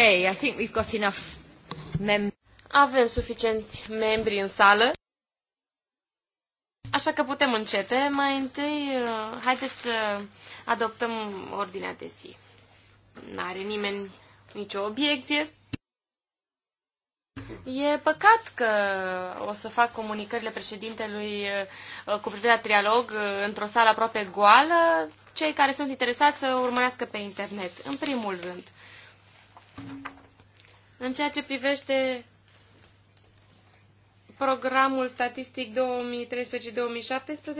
Okay, I think we've got enough mem- Avem suficienți membri în sală. Așa că putem începe. Mai întâi, uh, haideți să adoptăm ordinea de zi. N-are nimeni nicio obiecție. E păcat că o să fac comunicările președintelui uh, cu privire la trialog uh, într-o sală aproape goală. Cei care sunt interesați să urmărească pe internet, în primul rând. În ceea ce privește programul statistic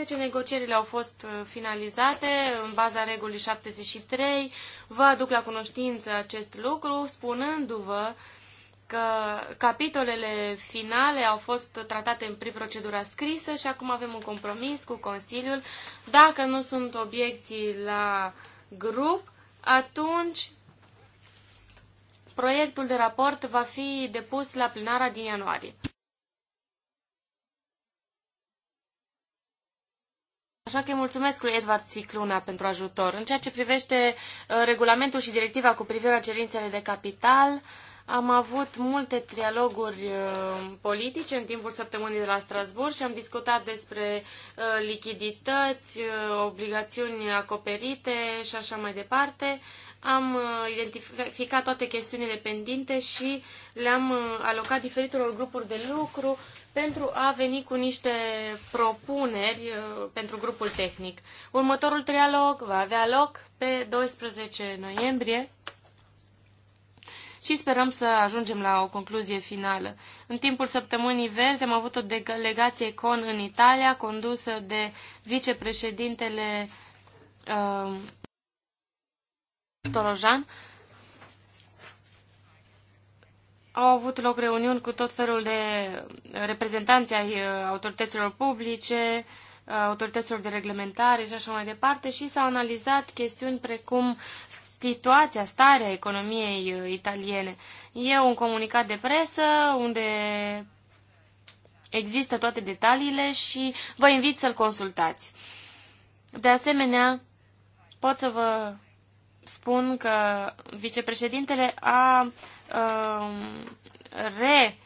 2013-2017, negocierile au fost uh, finalizate în baza regulii 73. Vă aduc la cunoștință acest lucru, spunându-vă că capitolele finale au fost tratate în prin procedura scrisă și acum avem un compromis cu Consiliul. Dacă nu sunt obiecții la grup, atunci Proiectul de raport va fi depus la plenara din ianuarie. Așa că îi mulțumesc lui Edward Cicluna pentru ajutor. În ceea ce privește uh, regulamentul și directiva cu privire la cerințele de capital, am avut multe trialoguri uh, politice în timpul săptămânii de la Strasbourg și am discutat despre uh, lichidități, obligațiuni acoperite și așa mai departe am uh, identificat toate chestiunile pendinte și le-am uh, alocat diferitelor grupuri de lucru pentru a veni cu niște propuneri uh, pentru grupul tehnic. Următorul trialog va avea loc pe 12 noiembrie și sperăm să ajungem la o concluzie finală. În timpul săptămânii verzi am avut o delegație CON în Italia, condusă de vicepreședintele uh, Tolojan, au avut loc reuniuni cu tot felul de reprezentanți ai uh, autorităților publice, uh, autorităților de reglementare și așa mai departe și s-au analizat chestiuni precum situația, starea economiei uh, italiene. E un comunicat de presă unde există toate detaliile și vă invit să-l consultați. De asemenea, pot să vă spun că vicepreședintele a um, re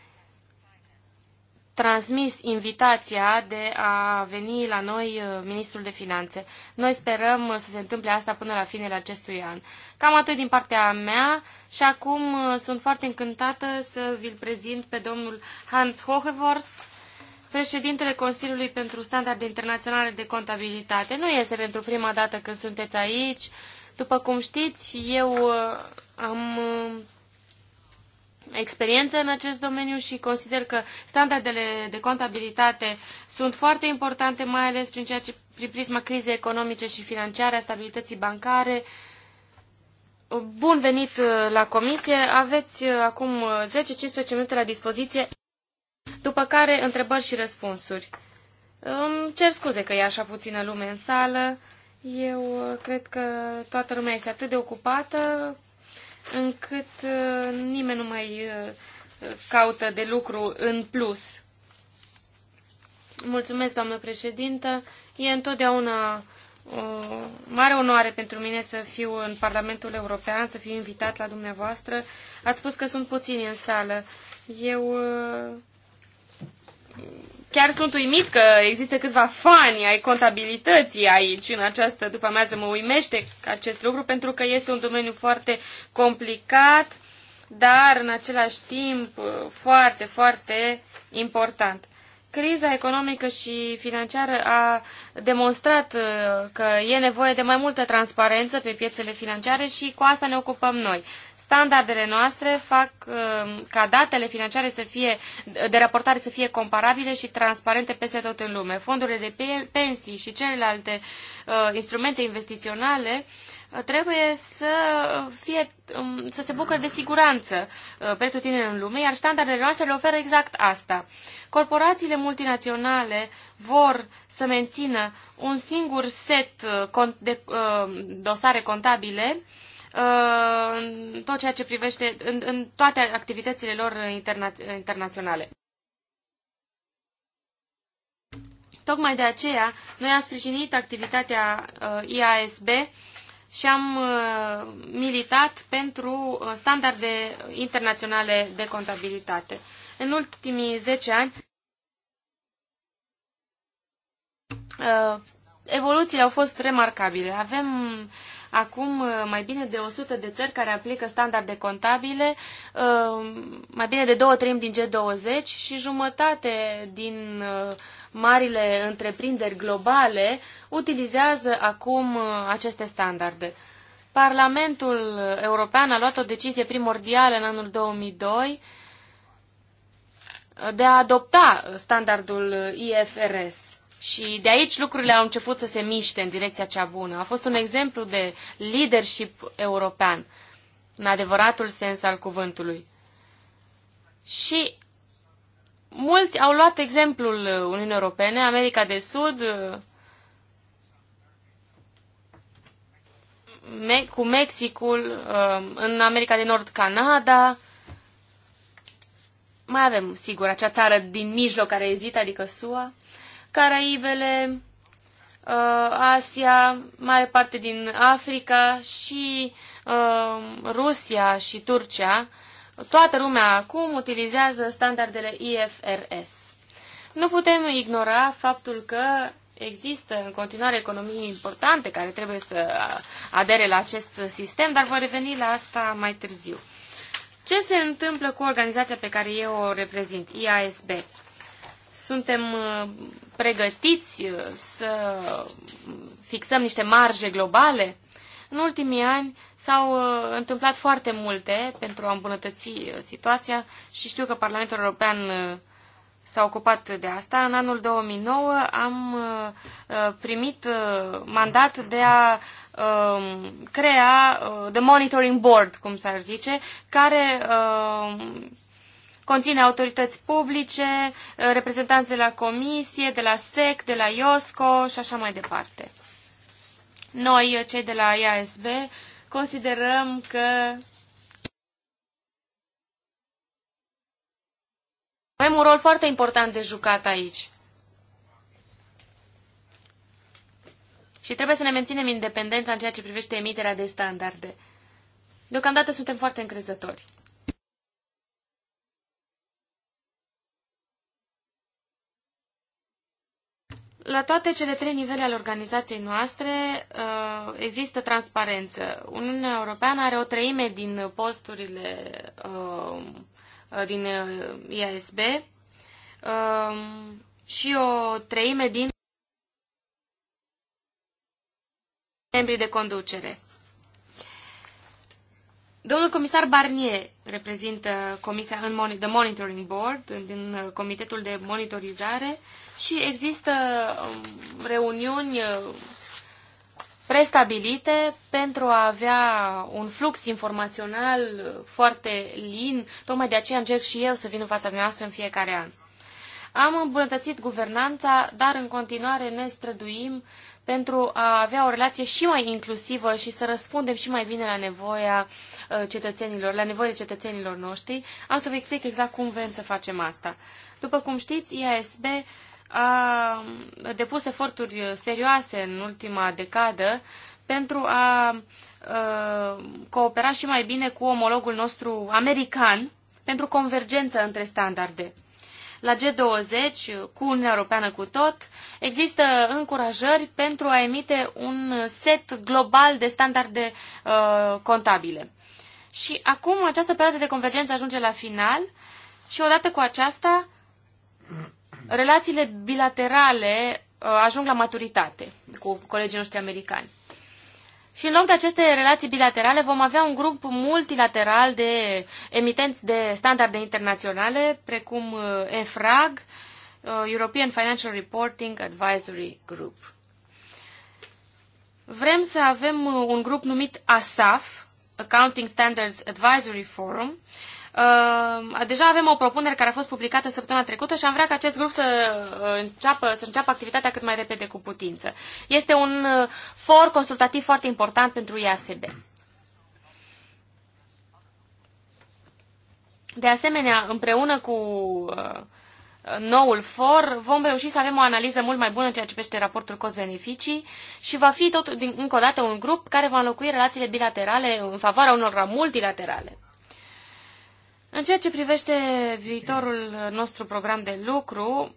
transmis invitația de a veni la noi uh, ministrul de finanțe. Noi sperăm să se întâmple asta până la finele acestui an. Cam atât din partea mea și acum uh, sunt foarte încântată să vi-l prezint pe domnul Hans Hohevorst, președintele Consiliului pentru Standarde Internaționale de Contabilitate. Nu este pentru prima dată când sunteți aici. După cum știți, eu uh, am uh, experiență în acest domeniu și consider că standardele de contabilitate sunt foarte importante, mai ales prin, ceea ce, prin prisma crizei economice și financiare, a stabilității bancare. Bun venit uh, la comisie. Aveți acum 10-15 minute la dispoziție, după care întrebări și răspunsuri. Îmi cer scuze că e așa puțină lume în sală. Eu uh, cred că toată lumea este atât de ocupată încât uh, nimeni nu mai uh, caută de lucru în plus. Mulțumesc, doamnă președintă. E întotdeauna o mare onoare pentru mine să fiu în Parlamentul European, să fiu invitat la dumneavoastră. Ați spus că sunt puțini în sală. Eu Chiar sunt uimit că există câțiva fani ai contabilității aici în această după amează Mă uimește acest lucru pentru că este un domeniu foarte complicat, dar în același timp foarte, foarte important. Criza economică și financiară a demonstrat uh, că e nevoie de mai multă transparență pe piețele financiare și cu asta ne ocupăm noi. Standardele noastre fac um, ca datele financiare să fie, de raportare să fie comparabile și transparente peste tot în lume. Fondurile de pensii și celelalte uh, instrumente investiționale uh, trebuie să, fie, um, să se bucure de siguranță uh, pentru tine în lume, iar standardele noastre le oferă exact asta. Corporațiile multinaționale vor să mențină un singur set de dosare contabile Uh, în tot ceea ce privește, în, în toate activitățile lor interna- internaționale. Tocmai de aceea, noi am sprijinit activitatea uh, IASB și am uh, militat pentru standarde internaționale de contabilitate. În ultimii 10 ani, evoluțiile au fost remarcabile. Avem Acum, uh, mai bine de 100 de țări care aplică standarde contabile, uh, mai bine de două treimi din G20 și jumătate din uh, marile întreprinderi globale utilizează acum aceste standarde. Parlamentul European a luat o decizie primordială în anul 2002 de a adopta standardul IFRS. Și de aici lucrurile au început să se miște în direcția cea bună. A fost un exemplu de leadership european, în adevăratul sens al cuvântului. Și mulți au luat exemplul Uniunii Europene, America de Sud, cu Mexicul, um, în America de Nord, Canada. Mai avem, sigur, acea țară din mijloc care ezită, adică SUA. Caraibele, uh, Asia, mare parte din Africa și uh, Rusia și Turcia, toată lumea acum utilizează standardele IFRS. Nu putem ignora faptul că există în continuare economii importante care trebuie să adere la acest sistem, dar vor reveni la asta mai târziu. Ce se întâmplă cu organizația pe care eu o reprezint, IASB? Suntem uh, pregătiți uh, să fixăm niște marje globale? În ultimii ani s-au uh, întâmplat foarte multe pentru a îmbunătăți uh, situația și știu că Parlamentul European s-a ocupat de asta. În anul 2009 am primit mandat de a um, crea The Monitoring Board, cum s-ar zice, care um, Conține autorități publice, uh, reprezentanți de la Comisie, de la SEC, de la IOSCO și așa mai departe. Noi, uh, cei de la IASB, considerăm că avem un rol foarte important de jucat aici. Și trebuie să ne menținem independența în ceea ce privește emiterea de standarde. Deocamdată suntem foarte încrezători. La toate cele trei nivele ale organizației noastre uh, există transparență. Uniunea Europeană are o treime din posturile uh, din uh, IASB um, și o treime din membrii de conducere. Domnul comisar Barnier reprezintă Comisia în The Monitoring Board, din Comitetul de Monitorizare și există um, reuniuni uh, prestabilite pentru a avea un flux informațional foarte lin. Tocmai de aceea încerc și eu să vin în fața noastră în fiecare an. Am îmbunătățit guvernanța, dar în continuare ne străduim pentru a avea o relație și mai inclusivă și să răspundem și mai bine la nevoia uh, cetățenilor, la nevoile cetățenilor noștri. Am să vă explic exact cum vrem să facem asta. După cum știți, IASB a um, depus eforturi serioase în ultima decadă pentru a uh, coopera și mai bine cu omologul nostru american pentru convergență între standarde la G20 cu Uniunea Europeană cu tot, există încurajări pentru a emite un set global de standarde uh, contabile. Și acum această perioadă de convergență ajunge la final și odată cu aceasta relațiile bilaterale uh, ajung la maturitate cu colegii noștri americani. Și în loc de aceste relații bilaterale vom avea un grup multilateral de emitenți de standarde internaționale, precum uh, EFRAG, uh, European Financial Reporting Advisory Group. Vrem să avem uh, un grup numit ASAF, Accounting Standards Advisory Forum, Uh, deja avem o propunere care a fost publicată săptămâna trecută și am vrea ca acest grup să uh, înceapă, să înceapă activitatea cât mai repede cu putință. Este un uh, for consultativ foarte important pentru IASB. De asemenea, împreună cu uh, noul for, vom reuși să avem o analiză mult mai bună în ceea ce privește raportul cost-beneficii și va fi tot, din, încă o dată, un grup care va înlocui relațiile bilaterale în favoarea unor multilaterale. În ceea ce privește viitorul nostru program de lucru,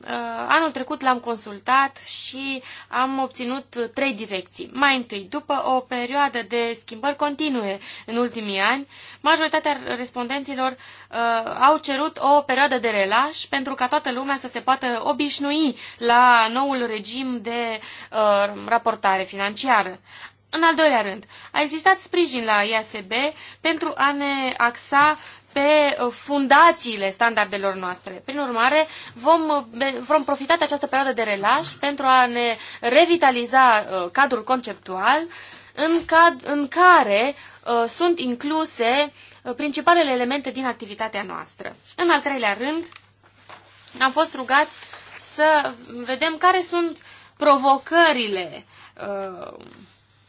uh, anul trecut l-am consultat și am obținut trei direcții. Mai întâi, după o perioadă de schimbări continue în ultimii ani, majoritatea respondenților uh, au cerut o perioadă de relaș pentru ca toată lumea să se poată obișnui la noul regim de uh, raportare financiară. În al doilea rând, a existat sprijin la IASB pentru a ne axa pe uh, fundațiile standardelor noastre. Prin urmare, vom, uh, vom profita de această perioadă de relaș pentru a ne revitaliza uh, cadrul conceptual în, cad, în care uh, sunt incluse principalele elemente din activitatea noastră. În al treilea rând, am fost rugați să vedem care sunt provocările uh,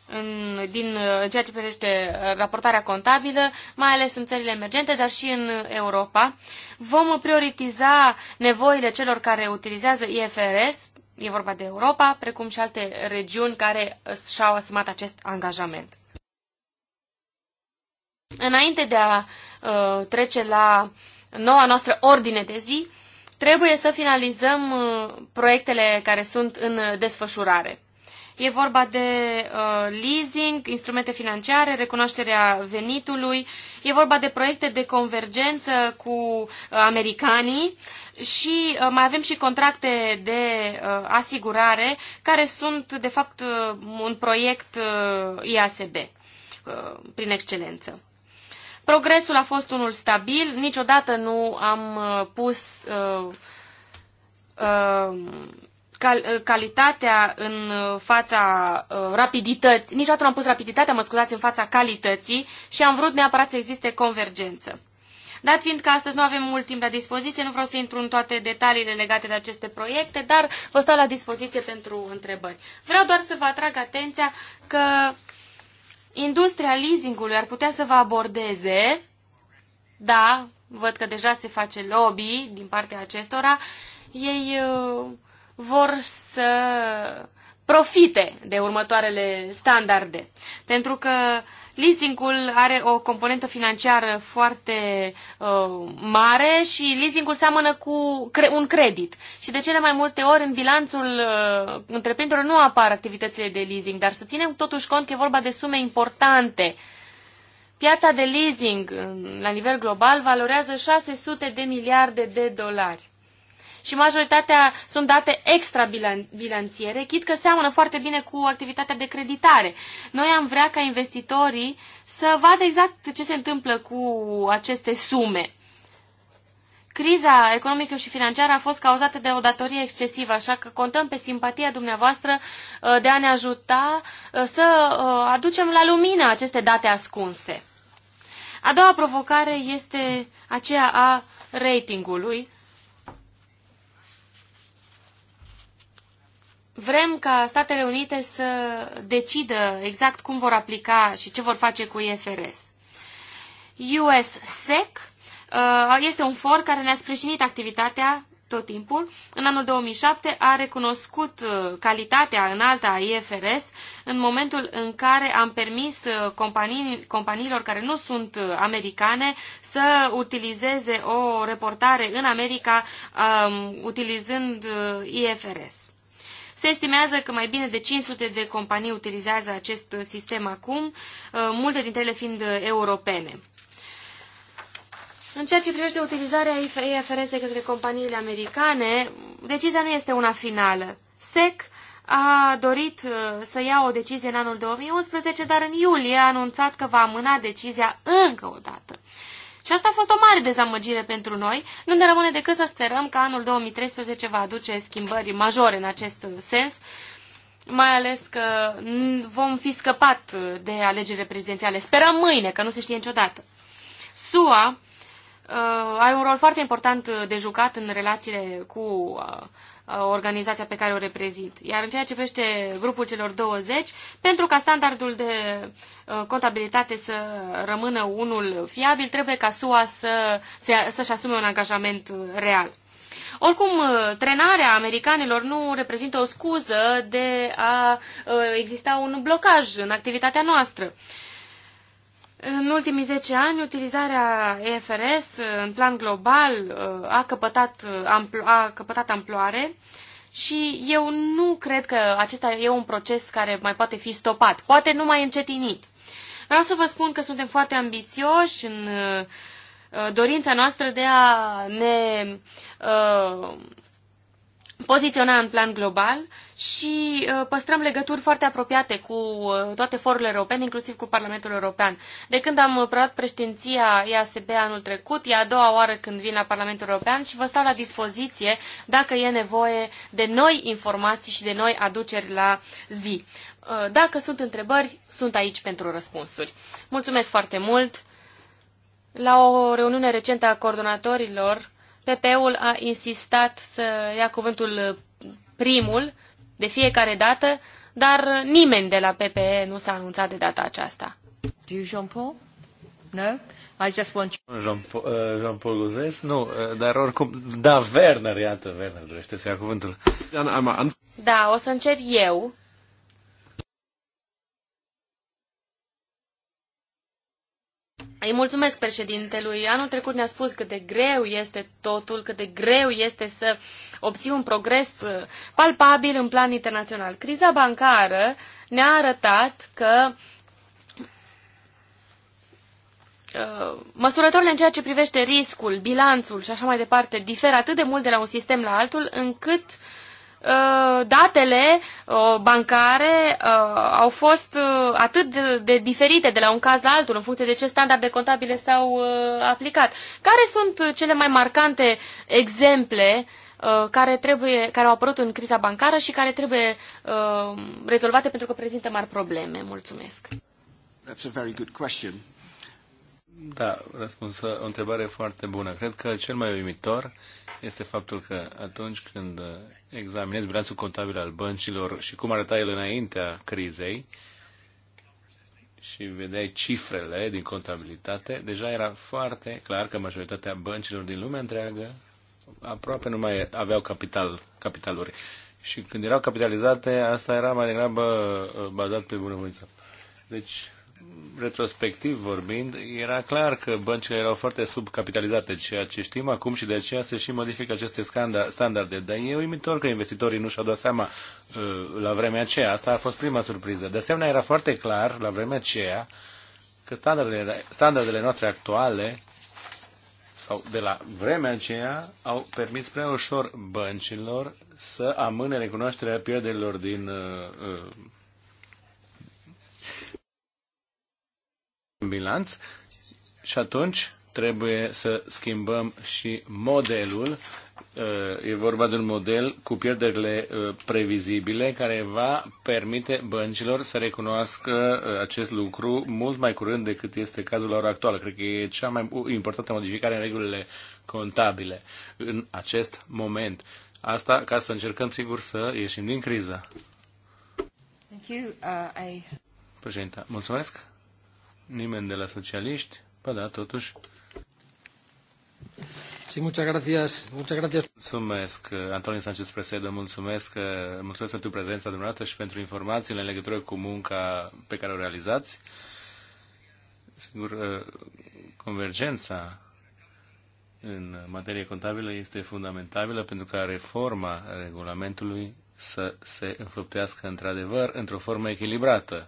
în, din, în ceea ce privește raportarea contabilă, mai ales în țările emergente, dar și în Europa. Vom prioritiza nevoile celor care utilizează IFRS, e vorba de Europa, precum și alte regiuni care și-au asumat acest angajament. Înainte de a uh, trece la noua noastră ordine de zi, trebuie să finalizăm uh, proiectele care sunt în desfășurare. E vorba de uh, leasing, instrumente financiare, recunoașterea venitului, e vorba de proiecte de convergență cu uh, americanii și uh, mai avem și contracte de uh, asigurare care sunt, de fapt, uh, un proiect uh, IASB uh, prin excelență. Progresul a fost unul stabil, niciodată nu am uh, pus uh, uh, cal- uh, calitatea în uh, fața uh, rapidității, niciodată nu am pus rapiditatea, mă scuzați, în fața calității și am vrut neapărat să existe convergență. Dat fiind că astăzi nu avem mult timp la dispoziție, nu vreau să intru în toate detaliile legate de aceste proiecte, dar vă stau la dispoziție pentru întrebări. Vreau doar să vă atrag atenția că industria leasingului ar putea să vă abordeze, da, văd că deja se face lobby din partea acestora, ei uh, vor să profite de următoarele standarde. Pentru că leasingul are o componentă financiară foarte uh, mare și leasingul seamănă cu cre- un credit. Și de cele mai multe ori în bilanțul uh, întreprinderilor nu apar activitățile de leasing, dar să ținem totuși cont că e vorba de sume importante. Piața de leasing uh, la nivel global valorează 600 de miliarde de dolari și majoritatea sunt date extra extra-bilanțiere, chit că seamănă foarte bine cu activitatea de creditare. Noi am vrea ca investitorii să vadă exact ce se întâmplă cu aceste sume. Criza economică și financiară a fost cauzată de o datorie excesivă, așa că contăm pe simpatia dumneavoastră uh, de a ne ajuta uh, să uh, aducem la lumină aceste date ascunse. A doua provocare este aceea a ratingului Vrem ca Statele Unite să decidă exact cum vor aplica și ce vor face cu IFRS. US SEC uh, este un for care ne-a sprijinit activitatea tot timpul. În anul 2007 a recunoscut uh, calitatea înaltă a IFRS în momentul în care am permis uh, companii, companiilor care nu sunt americane să utilizeze o reportare în America um, utilizând IFRS. Se estimează că mai bine de 500 de companii utilizează acest sistem acum, uh, multe dintre ele fiind europene. În ceea ce privește utilizarea IFRS de către companiile americane, decizia nu este una finală. SEC a dorit uh, să ia o decizie în anul 2011, dar în iulie a anunțat că va amâna decizia încă o dată. Și asta a fost o mare dezamăgire pentru noi. Nu ne rămâne decât să sperăm că anul 2013 va aduce schimbări majore în acest sens, mai ales că vom fi scăpat de alegerile prezidențiale. Sperăm mâine, că nu se știe niciodată. SUA uh, are un rol foarte important de jucat în relațiile cu uh, Uh, organizația pe care o reprezint. Iar în ceea ce privește grupul celor 20, pentru ca standardul de uh, contabilitate să rămână unul fiabil, trebuie ca SUA să, să-și asume un angajament uh, real. Oricum, trenarea americanilor nu reprezintă o scuză de a exista un blocaj în activitatea noastră. În ultimii 10 ani, utilizarea EFRS uh, în plan global uh, a căpătat, uh, amplo- a căpătat amploare și eu nu cred că acesta e un proces care mai poate fi stopat, poate nu mai încetinit. Vreau să vă spun că suntem foarte ambițioși în dorința noastră de a ne poziționa în plan global și uh, păstrăm legături foarte apropiate cu uh, toate forurile europene, inclusiv cu Parlamentul European. De când am preluat președinția EASB anul trecut, e a doua oară când vin la Parlamentul European și vă stau la dispoziție dacă e nevoie de noi informații și de noi aduceri la zi. Uh, dacă sunt întrebări, sunt aici pentru răspunsuri. Mulțumesc foarte mult! La o reuniune recentă a coordonatorilor, PP-ul a insistat să ia cuvântul primul de fiecare dată, dar nimeni de la PPE nu s-a anunțat de data aceasta. Do you, Jean-Paul? No? I just want you... Jean-Paul, uh, Jean-Paul Nu, uh, dar oricum, da, Werner, iată, Werner dorește să ia cuvântul. Da, o să încep eu Îi mulțumesc președintelui. Anul trecut ne-a spus cât de greu este totul, cât de greu este să obții un progres uh, palpabil în plan internațional. Criza bancară ne-a arătat că uh, măsurătorile în ceea ce privește riscul, bilanțul și așa mai departe diferă atât de mult de la un sistem la altul încât uh, Uh, datele uh, bancare uh, au fost atât de diferite de la un caz la altul, în funcție de ce standarde contabile s-au aplicat. Care sunt cele mai marcante exemple care, trebuie, care au apărut în criza bancară și care trebuie rezolvate pentru că prezintă mari probleme? Mulțumesc! That's a very good question. Da, răspuns o întrebare foarte bună. Cred că cel mai uimitor este faptul că atunci când examinezi bilanțul contabil al băncilor și cum arăta el înaintea crizei și vedeai cifrele din contabilitate, deja era foarte clar că majoritatea băncilor din lumea întreagă aproape nu mai aveau capital, capitaluri. Și când erau capitalizate, asta era mai degrabă uh, bazat pe bunăvoință. Deci, retrospectiv vorbind, era clar că băncile erau foarte subcapitalizate, ceea ce știm acum și de aceea se și modifică aceste standarde. Dar e uimitor că investitorii nu și-au dat seama uh, la vremea aceea. Asta a fost prima surpriză. De asemenea, era foarte clar la vremea aceea că standardele, standardele noastre actuale sau de la vremea aceea au permis prea ușor băncilor să amâne recunoașterea pierderilor din uh, uh în bilanț și atunci trebuie să schimbăm și modelul. Uh, e vorba de un model cu pierderile uh, previzibile care va permite băncilor să recunoască uh, acest lucru mult mai curând decât este cazul la ora actuală. Cred că e cea mai importantă modificare în regulile contabile în acest moment. Asta ca să încercăm, sigur, să ieșim din criză. Thank you. Uh, I... Președinte, mulțumesc. Nimeni de la socialiști? pă da, totuși. Sí, muchas gracias. Muchas gracias. Mulțumesc, Antonio Sanchez Presedo, mulțumesc, mulțumesc pentru prezența dumneavoastră și pentru informațiile în legătură cu munca pe care o realizați. Sigur, uh, convergența în materie contabilă este fundamentală pentru ca reforma regulamentului să se înfăptuiască într-adevăr într-o formă echilibrată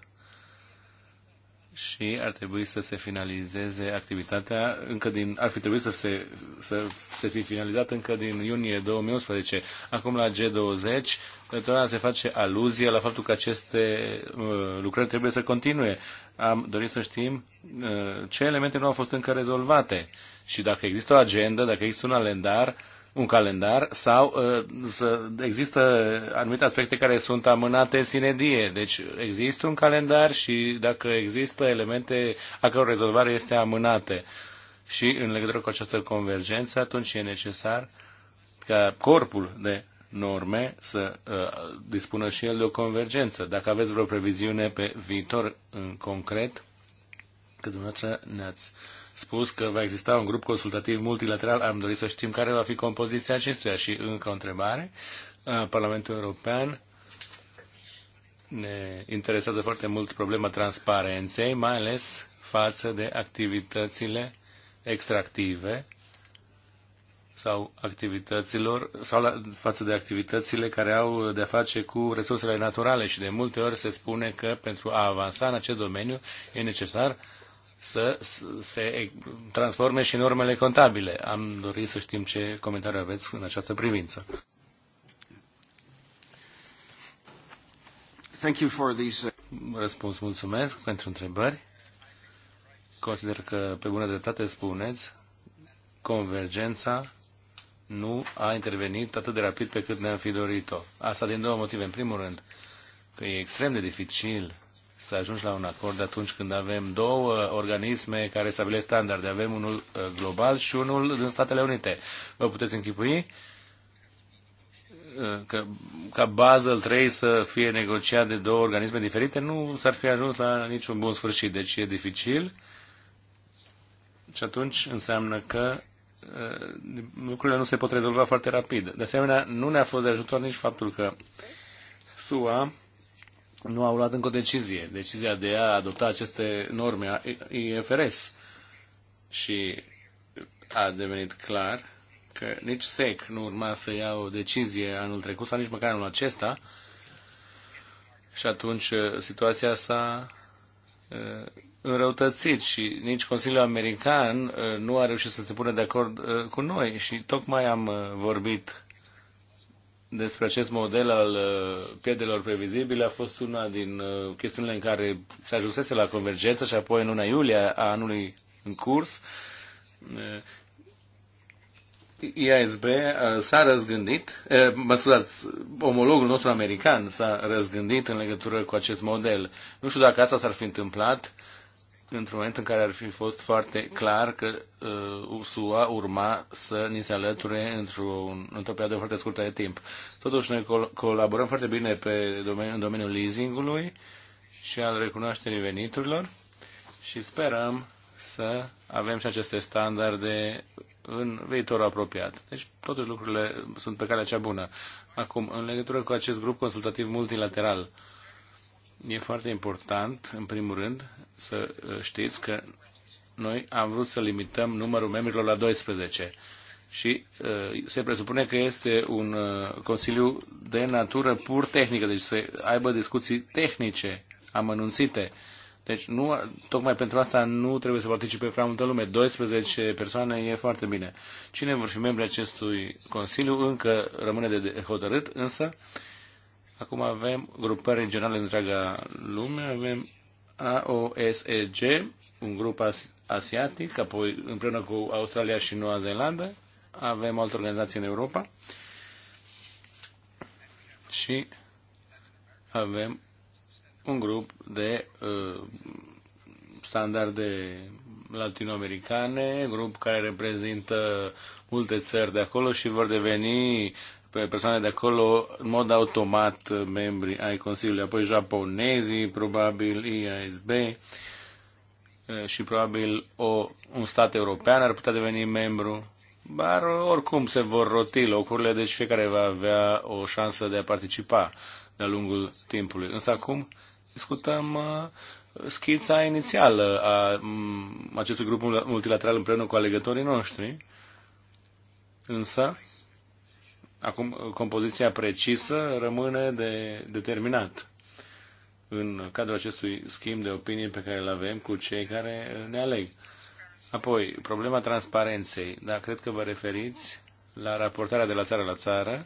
și ar trebui să se finalizeze activitatea încă din, ar fi trebuit să se, să se fi finalizat încă din iunie 2011. Acum la G20 întotdeauna se face aluzie la faptul că aceste uh, lucrări trebuie să continue. Am dorit să știm uh, ce elemente nu au fost încă rezolvate și dacă există o agendă, dacă există un calendar uh, un calendar sau uh, să există anumite aspecte care sunt amânate în sinedie. Deci există un calendar și dacă există elemente a căror rezolvare este amânate și în legătură cu această convergență, atunci e necesar ca corpul de norme să uh, dispună și el de o convergență. Dacă aveți vreo previziune pe viitor în concret, că dumneavoastră ne-ați uh, spus că va exista un grup consultativ multilateral. Am dorit să știm care va fi compoziția acestuia. Și încă o întrebare. Uh, Parlamentul European ne interesează foarte mult problema transparenței, mai ales față de activitățile extractive sau activităților sau la, față de activitățile care au de-a face cu resursele naturale și de multe ori se spune că pentru a avansa în acest domeniu e necesar uh, să se transforme și normele contabile. Am dorit să știm ce comentarii aveți în această privință. Thank you for these... Uh, Răspuns mulțumesc pentru întrebări. Consider că pe bună dreptate spuneți convergența nu a intervenit atât de rapid pe cât ne-am fi dorit-o. Asta din două motive. În primul rând, că e extrem de dificil să ajungi la un acord atunci când avem două organisme care stabilesc standarde. Avem unul uh, global și unul din Statele Unite. Vă puteți închipui uh, că, ca Basel 3 să fie negociat de două organisme diferite? Nu s-ar fi ajuns la niciun bun sfârșit, deci e dificil. Și atunci înseamnă că uh, lucrurile nu se pot rezolva foarte rapid. De asemenea, nu ne-a fost de ajutor nici faptul că SUA nu au luat încă o decizie. Decizia de a adopta aceste norme IFRS. Și a devenit clar că nici SEC nu urma să ia o decizie anul trecut sau nici măcar anul acesta. Și atunci uh, situația s-a uh, înrăutățit și nici Consiliul American uh, nu a reușit să se pună de acord cu noi și tocmai am vorbit despre acest model al uh, pierderilor previzibile a fost una din uh, chestiunile în care se ajunsese la convergență și apoi în luna iulie a anului în curs. Uh, IASB s-a răzgândit, mă scuzați, omologul nostru american s-a răzgândit în legătură cu acest model. Nu știu dacă asta s-ar fi întâmplat uh, într-un moment în care ar fi fost foarte clar că uh, SUA urma să ni se alăture într-o, într-o perioadă foarte scurtă de timp. Totuși, noi col- colaborăm foarte bine pe domeni- în domeniul leasingului și al recunoașterii veniturilor și sperăm să avem și aceste standarde în viitorul apropiat. Deci, totuși, lucrurile sunt pe calea cea bună. Acum, în legătură cu acest grup consultativ multilateral, e foarte important, în primul rând, să uh, știți că noi am vrut să limităm numărul membrilor la 12 și uh, se presupune că este un uh, consiliu de natură pur tehnică, deci să aibă discuții tehnice amănunțite. Deci nu, tocmai pentru asta nu trebuie să participe prea multă lume. 12 persoane e foarte bine. Cine vor fi membri acestui Consiliu încă rămâne de hotărât, însă acum avem grupări regionale în întreaga lume, avem AOSEG, un grup asiatic, apoi împreună cu Australia și Noua Zeelandă, avem altă organizație în Europa și avem un grup de uh, standarde latinoamericane, grup care reprezintă multe țări de acolo și vor deveni pe persoane de acolo, în mod automat, membri ai Consiliului, apoi japonezii, probabil IASB eh, și probabil o, un stat european ar putea deveni membru. Dar oricum se vor roti locurile, deci fiecare va avea o șansă de a participa de-a lungul timpului. Însă acum discutăm eh, schița inițială a mm, acestui grup multilateral împreună cu alegătorii noștri. Însă, Acum, uh, compoziția precisă rămâne de determinat în cadrul acestui schimb de opinii pe care îl avem cu cei care ne aleg. Apoi, problema transparenței. Da, cred că vă referiți la raportarea de la țară la țară.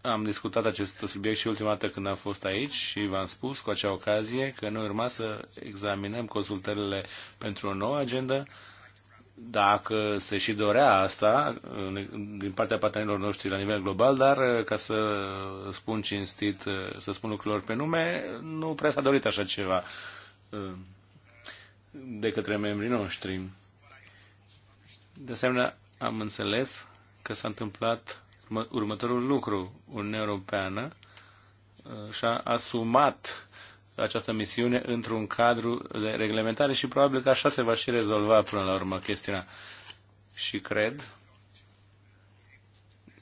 Am discutat acest subiect și ultima dată când am fost aici și v-am spus cu acea ocazie că noi urma să examinăm consultările pentru o nouă agendă dacă se și dorea asta din partea partenerilor noștri la nivel global, dar uh, ca să spun cinstit, uh, să spun lucrurilor pe nume, nu prea s-a dorit așa ceva uh, de către membrii noștri. De asemenea, am înțeles că s-a întâmplat următorul lucru. Uniunea Europeană și-a asumat uh, această misiune într-un cadru de reglementare și probabil că așa se va și rezolva până la urmă chestiunea. Și cred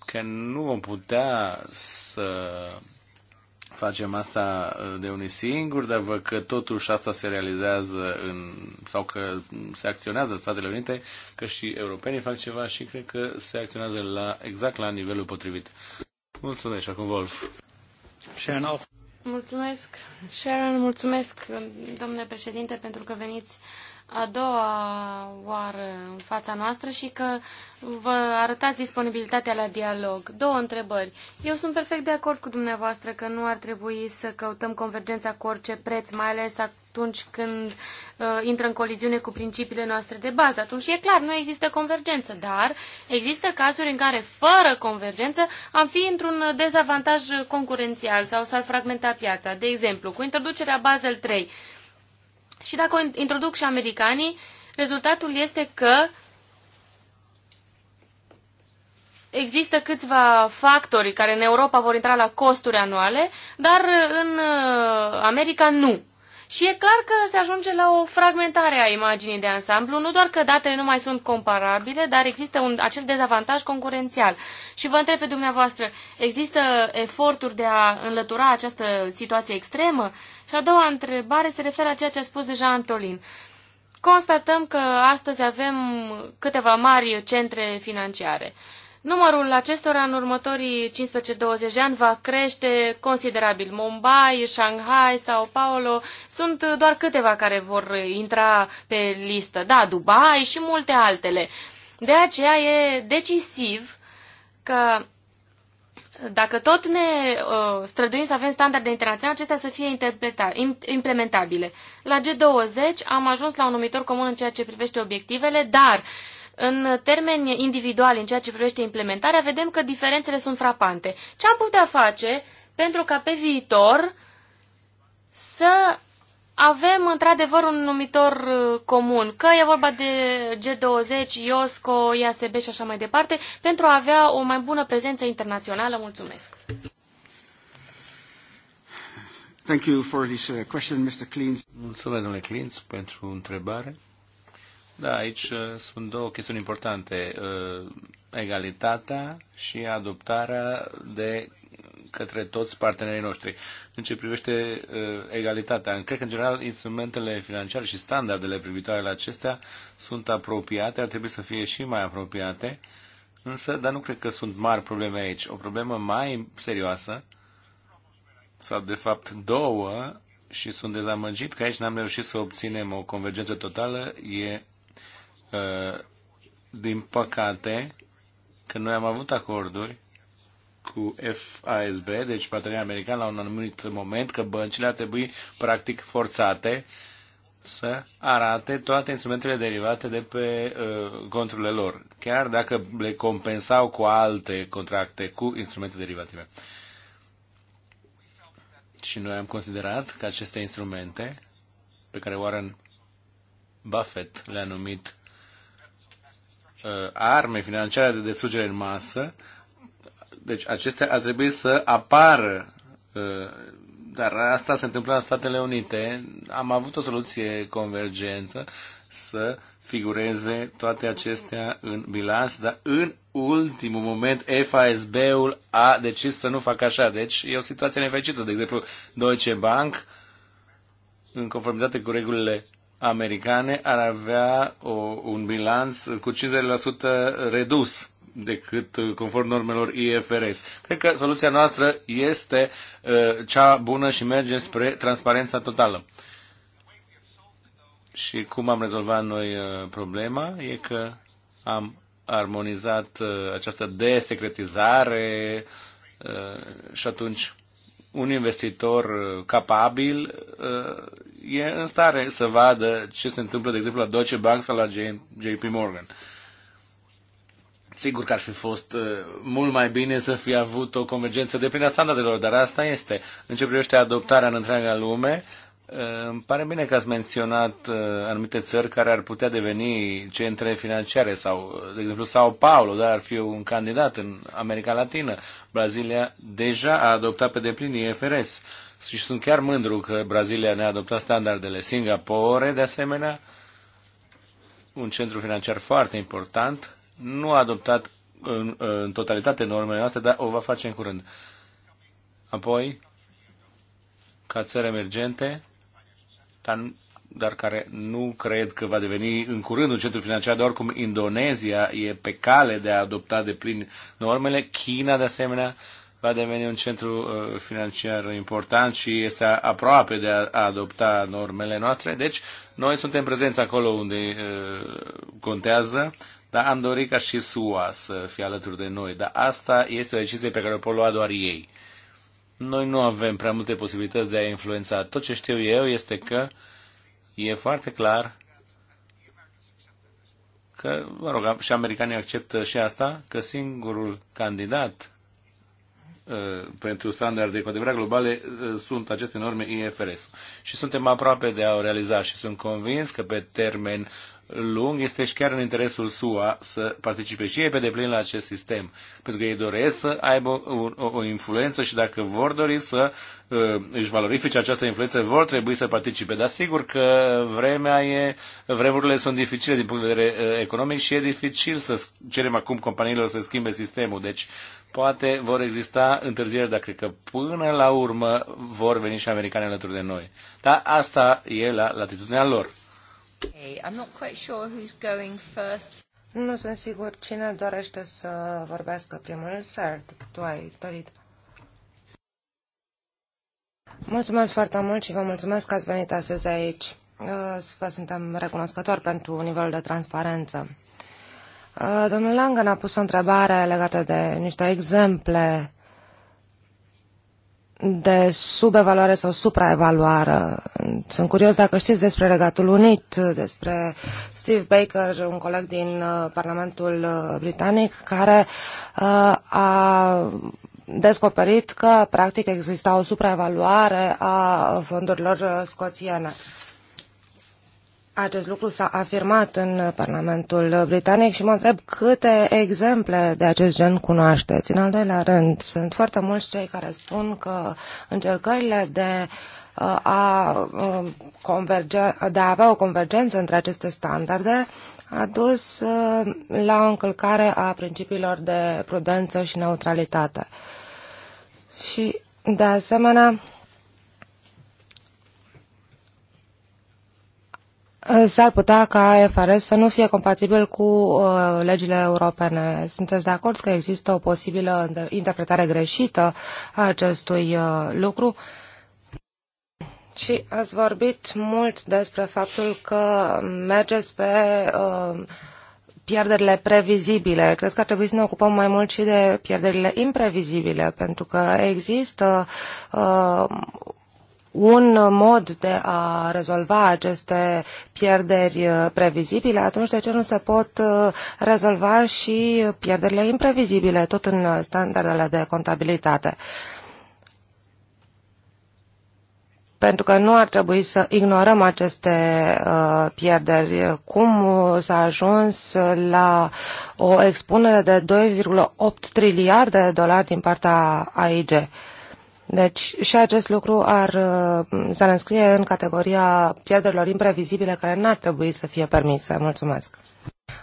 că nu vom putea să facem asta de unii singuri, dar văd că totuși asta se realizează în, sau că se acționează în Statele Unite, că și europenii fac ceva și cred că se acționează la, exact la nivelul potrivit. Mulțumesc acum Wolf. Mulțumesc, Sharon, mulțumesc, domnule președinte, pentru că veniți a doua oară în fața noastră și că vă arătați disponibilitatea la dialog. Două întrebări. Eu sunt perfect de acord cu dumneavoastră că nu ar trebui să căutăm convergența cu orice preț, mai ales atunci când uh, intră în coliziune cu principiile noastre de bază. Atunci e clar, nu există convergență, dar există cazuri în care fără convergență am fi într-un dezavantaj concurențial sau s-ar fragmenta piața. De exemplu, cu introducerea Basel 3 și dacă o introduc și americanii, rezultatul este că există câțiva factori care în Europa vor intra la costuri anuale, dar în uh, America nu. Și e clar că se ajunge la o fragmentare a imaginii de ansamblu, nu doar că datele nu mai sunt comparabile, dar există un, acel dezavantaj concurențial. Și vă întreb pe dumneavoastră, există eforturi de a înlătura această situație extremă? Și a doua întrebare se referă la ceea ce a spus deja Antolin. Constatăm că astăzi avem câteva mari centre financiare. Numărul acestora în următorii 15-20 de ani va crește considerabil. Mumbai, Shanghai, Sao Paulo sunt doar câteva care vor intra pe listă. Da, Dubai și multe altele. De aceea e decisiv că dacă tot ne uh, străduim să avem standarde internaționale, acestea să fie implementabile. La G20 am ajuns la un numitor comun în ceea ce privește obiectivele, dar în termeni individuali, în ceea ce privește implementarea, vedem că diferențele sunt frapante. Ce am putea face pentru ca pe viitor să avem într-adevăr un numitor uh, comun, că e vorba de G20, IOSCO, IASB și așa mai departe, pentru a avea o mai bună prezență internațională. Mulțumesc! Thank you for this uh, question, Mr. Klintz. Mulțumesc, domnule Klintz, pentru întrebare. Da, aici uh, sunt două chestiuni importante. Egalitatea și adoptarea de către toți partenerii noștri. În ce privește uh, egalitatea, cred că, în general, instrumentele financiare și standardele privitoare la acestea sunt apropiate, ar trebui să fie și mai apropiate, însă, dar nu cred că sunt mari probleme aici. O problemă mai serioasă, sau de fapt două, și sunt dezamăgit că aici n-am reușit să obținem o convergență totală, e, uh, din păcate, că noi am avut acorduri cu FASB, deci partenerii american, la un anumit moment că băncile ar trebui practic forțate să arate toate instrumentele derivate de pe uh, conturile lor, chiar dacă le compensau cu alte contracte, cu instrumente derivative. Și noi am considerat că aceste instrumente, pe care Warren Buffett le-a numit uh, arme financiare de desugere în masă, deci acestea ar trebui să apară, uh, dar asta se întâmplă în Statele Unite. Am avut o soluție convergență să figureze toate acestea în bilanț, dar în ultimul moment FASB-ul a decis să nu facă așa. Deci e o situație nefericită. De exemplu, Deutsche Bank, în conformitate cu regulile americane, ar avea o, un bilanț cu 50% redus decât uh, conform normelor IFRS. Cred că soluția noastră este uh, cea bună și merge spre transparența totală. Și cum am rezolvat noi uh, problema e că am armonizat această desecretizare și atunci un investitor capabil e în stare să vadă ce se întâmplă, de exemplu, la Deutsche Bank sau la JP Morgan. Sigur că ar fi fost uh, mult mai bine să fi avut o convergență de plină standardelor, dar asta este. În ce privește adoptarea în întreaga lume, uh, îmi pare bine că ați menționat uh, anumite țări care ar putea deveni centre financiare sau, de exemplu, Sao Paulo, dar ar fi un candidat în America Latină. Brazilia deja a adoptat pe deplin IFRS și sunt chiar mândru că Brazilia ne-a adoptat standardele. Singapore, de asemenea, un centru financiar foarte important nu a adoptat în, în totalitate normele noastre, dar o va face în curând. Apoi, ca țări emergente, dar, dar care nu cred că va deveni în curând un centru financiar, Doar cum Indonezia e pe cale de a adopta de plin normele, China de asemenea va deveni un centru uh, financiar important și este aproape de a adopta normele noastre. Deci, noi suntem prezenți acolo unde uh, contează, dar am dorit ca și SUA să fie alături de noi. Dar asta este o decizie pe care o pot lua doar ei. Noi nu avem prea multe posibilități de a influența. Tot ce știu eu este că e foarte clar că, mă rog, și americanii acceptă și asta, că singurul candidat uh, pentru standarde de cu adevărat globale uh, sunt aceste norme IFRS. Și suntem aproape de a o realiza și sunt convins că pe termen lung, este și chiar în interesul SUA să participe și ei pe deplin la acest sistem, pentru că ei doresc să aibă o, o, o influență și dacă vor dori să uh, își valorifice această influență, vor trebui să participe. Dar sigur că vremea e, vremurile sunt dificile din punct de vedere uh, economic și e dificil să cerem acum companiilor să schimbe sistemul. Deci poate vor exista întârzieri, dar cred că până la urmă vor veni și americani alături de noi. Dar asta e la latitudinea lor. Nu sunt sigur cine dorește să vorbească primul. Sard, tu ai dorit. Mulțumesc foarte mult și vă mulțumesc că ați venit astăzi aici. Uh, vă suntem recunoscători pentru nivelul de transparență. Uh, domnul Langan a pus o întrebare legată de niște exemple de subevaluare sau supraevaluare. Sunt curios dacă știți despre Regatul Unit, despre Steve Baker, un coleg din uh, Parlamentul uh, Britanic, care uh, a descoperit că practic exista o supraevaluare a fondurilor scoțiene. Acest lucru s-a afirmat în Parlamentul Britanic și mă întreb câte exemple de acest gen cunoașteți. În al doilea rând, sunt foarte mulți cei care spun că încercările de uh, a, uh, converge, de a avea o convergență între aceste standarde a dus uh, la o încălcare a principiilor de prudență și neutralitate. Și, de asemenea, Eh, s-ar putea ca FRS să nu fie compatibil cu eh, legile europene. Sunteți de acord că există o posibilă interpretare greșită a acestui eh, lucru? Și ați vorbit mult despre faptul că mergeți pe uh, pierderile previzibile. Cred că ar trebui să ne ocupăm mai mult și de pierderile imprevizibile, pentru că există uh, un mod de a rezolva aceste pierderi uh, previzibile, atunci de ce nu se pot uh, rezolva și pierderile imprevizibile, tot în standardele de contabilitate? pentru că nu ar trebui să ignorăm aceste uh, pierderi. Cum s-a ajuns la o expunere de 2,8 triliarde de dolari din partea AIG? Deci și acest lucru ar, uh, s-ar înscrie în categoria pierderilor imprevizibile care n-ar trebui să fie permise. Mulțumesc!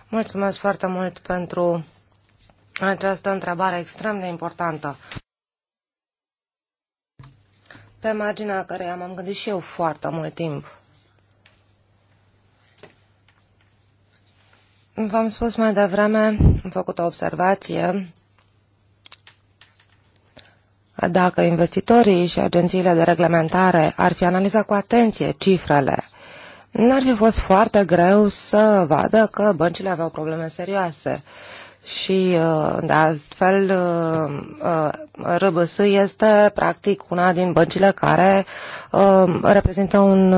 Mulțumesc foarte mult pentru această întrebare extrem de importantă. Pe marginea care m-am gândit și eu foarte mult timp. V-am spus mai devreme, am făcut o observație dacă investitorii și agențiile de reglementare ar fi analizat cu atenție cifrele, n-ar fi fost foarte greu să vadă că băncile aveau probleme serioase și, uh, de altfel, uh, uh, RBS este, practic, una din băncile care reprezintă un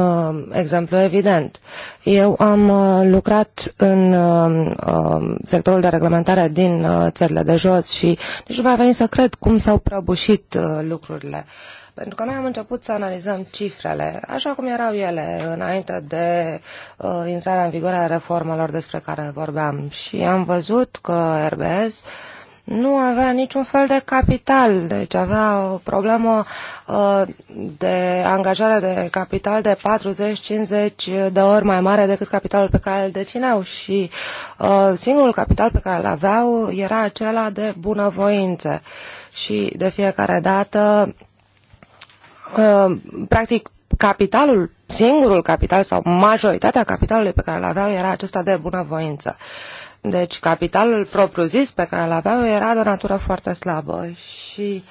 exemplu evident. Eu am lucrat în sectorul de reglementare din țările de jos și nici nu mai venit să cred cum s-au prăbușit lucrurile. Pentru că noi am început să analizăm cifrele așa cum erau ele înainte de uh, intrarea în vigoare a reformelor despre care vorbeam și am văzut că RBS nu avea niciun fel de capital, deci avea o problemă uh, de angajare de capital de 40-50 de ori mai mare decât capitalul pe care îl dețineau și uh, singurul capital pe care îl aveau era acela de bunăvoință. Și de fiecare dată Uh, practic, capitalul, singurul capital sau majoritatea capitalului pe care îl aveau era acesta de bunăvoință. Deci capitalul propriu-zis pe care îl aveau era de natură foarte slabă și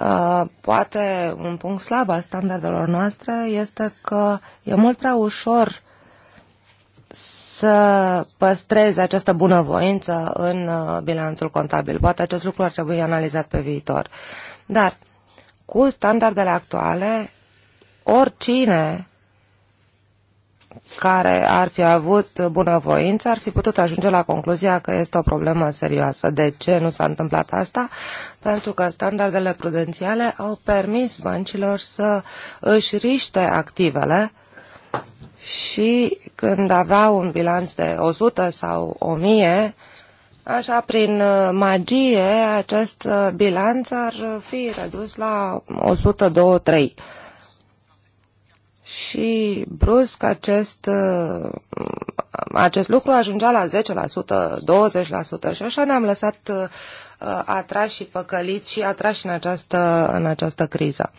uh, poate un punct slab al standardelor noastre este că e mult prea ușor să păstrezi această bunăvoință în uh, bilanțul contabil. Poate acest lucru ar trebui analizat pe viitor. Dar cu standardele actuale, oricine care ar fi avut bunăvoință ar fi putut ajunge la concluzia că este o problemă serioasă. De ce nu s-a întâmplat asta? Pentru că standardele prudențiale au permis băncilor să își riște activele și când aveau un bilanț de 100 sau 1000, Așa, prin uh, magie, acest uh, bilanț ar uh, fi redus la 102-3. Și brusc acest, acest lucru ajungea la 10%, 20% și așa ne-am lăsat atrași și păcăliți și atrași în această, în această criză.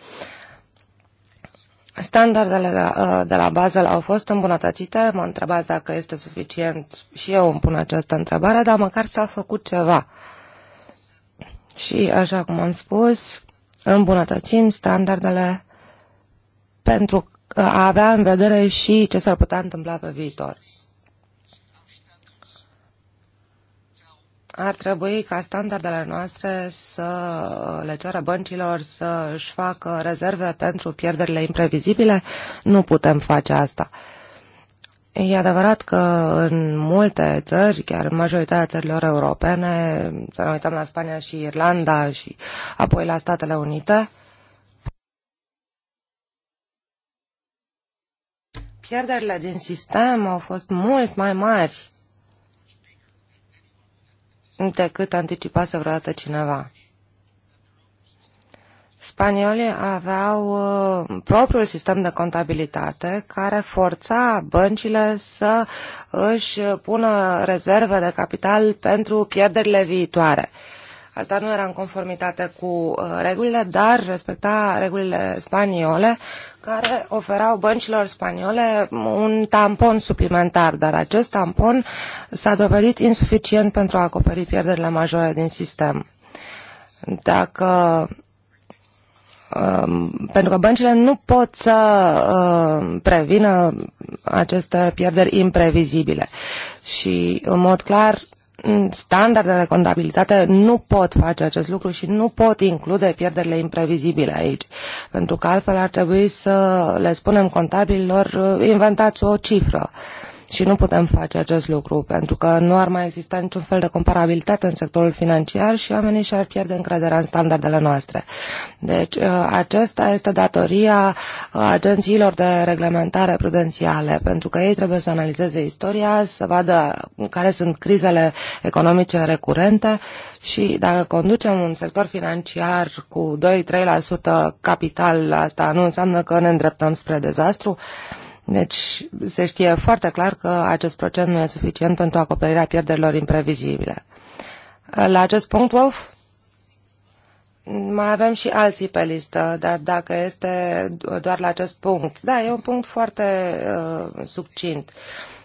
Standardele de la, uh, de la bază au fost îmbunătățite. Mă întrebați dacă este suficient și eu îmi pun această întrebare, dar măcar s-a făcut ceva. Și, așa cum am spus, îmbunătățim standardele pentru a avea în vedere și ce s-ar putea întâmpla pe viitor. ar trebui ca standardele noastre să le ceară băncilor să își facă rezerve pentru pierderile imprevizibile? Nu putem face asta. E adevărat că în multe țări, chiar în majoritatea țărilor europene, să ne uităm la Spania și Irlanda și apoi la Statele Unite, pierderile din sistem au fost mult mai mari decât anticipase vreodată cineva. Spaniolii aveau uh, propriul sistem de contabilitate care forța băncile să își pună rezerve de capital pentru pierderile viitoare. Asta nu era în conformitate cu uh, regulile, dar respecta regulile spaniole care oferau băncilor spaniole un tampon suplimentar, dar acest tampon s-a dovedit insuficient pentru a acoperi pierderile majore din sistem. Dacă um, pentru că băncile nu pot să um, prevină aceste pierderi imprevizibile. Și, în mod clar, standardele contabilitate nu pot face acest lucru și nu pot include pierderile imprevizibile aici. Pentru că altfel ar trebui să le spunem contabililor, inventați o cifră. Uh, și nu putem face acest lucru, pentru că nu ar mai exista niciun fel de comparabilitate în sectorul financiar și oamenii și-ar pierde încrederea în standardele noastre. Deci, uh, acesta este datoria uh, agențiilor de reglementare prudențiale, pentru că ei trebuie să analizeze istoria, să vadă care sunt crizele economice recurente și dacă conducem un sector financiar cu 2-3% capital, asta nu înseamnă că ne îndreptăm spre dezastru. Deci se știe foarte clar că acest procent nu e suficient pentru acoperirea pierderilor imprevizibile. La acest punct, Wolf, mai avem și alții pe listă, dar dacă este doar la acest punct, da, e un punct foarte uh, succint.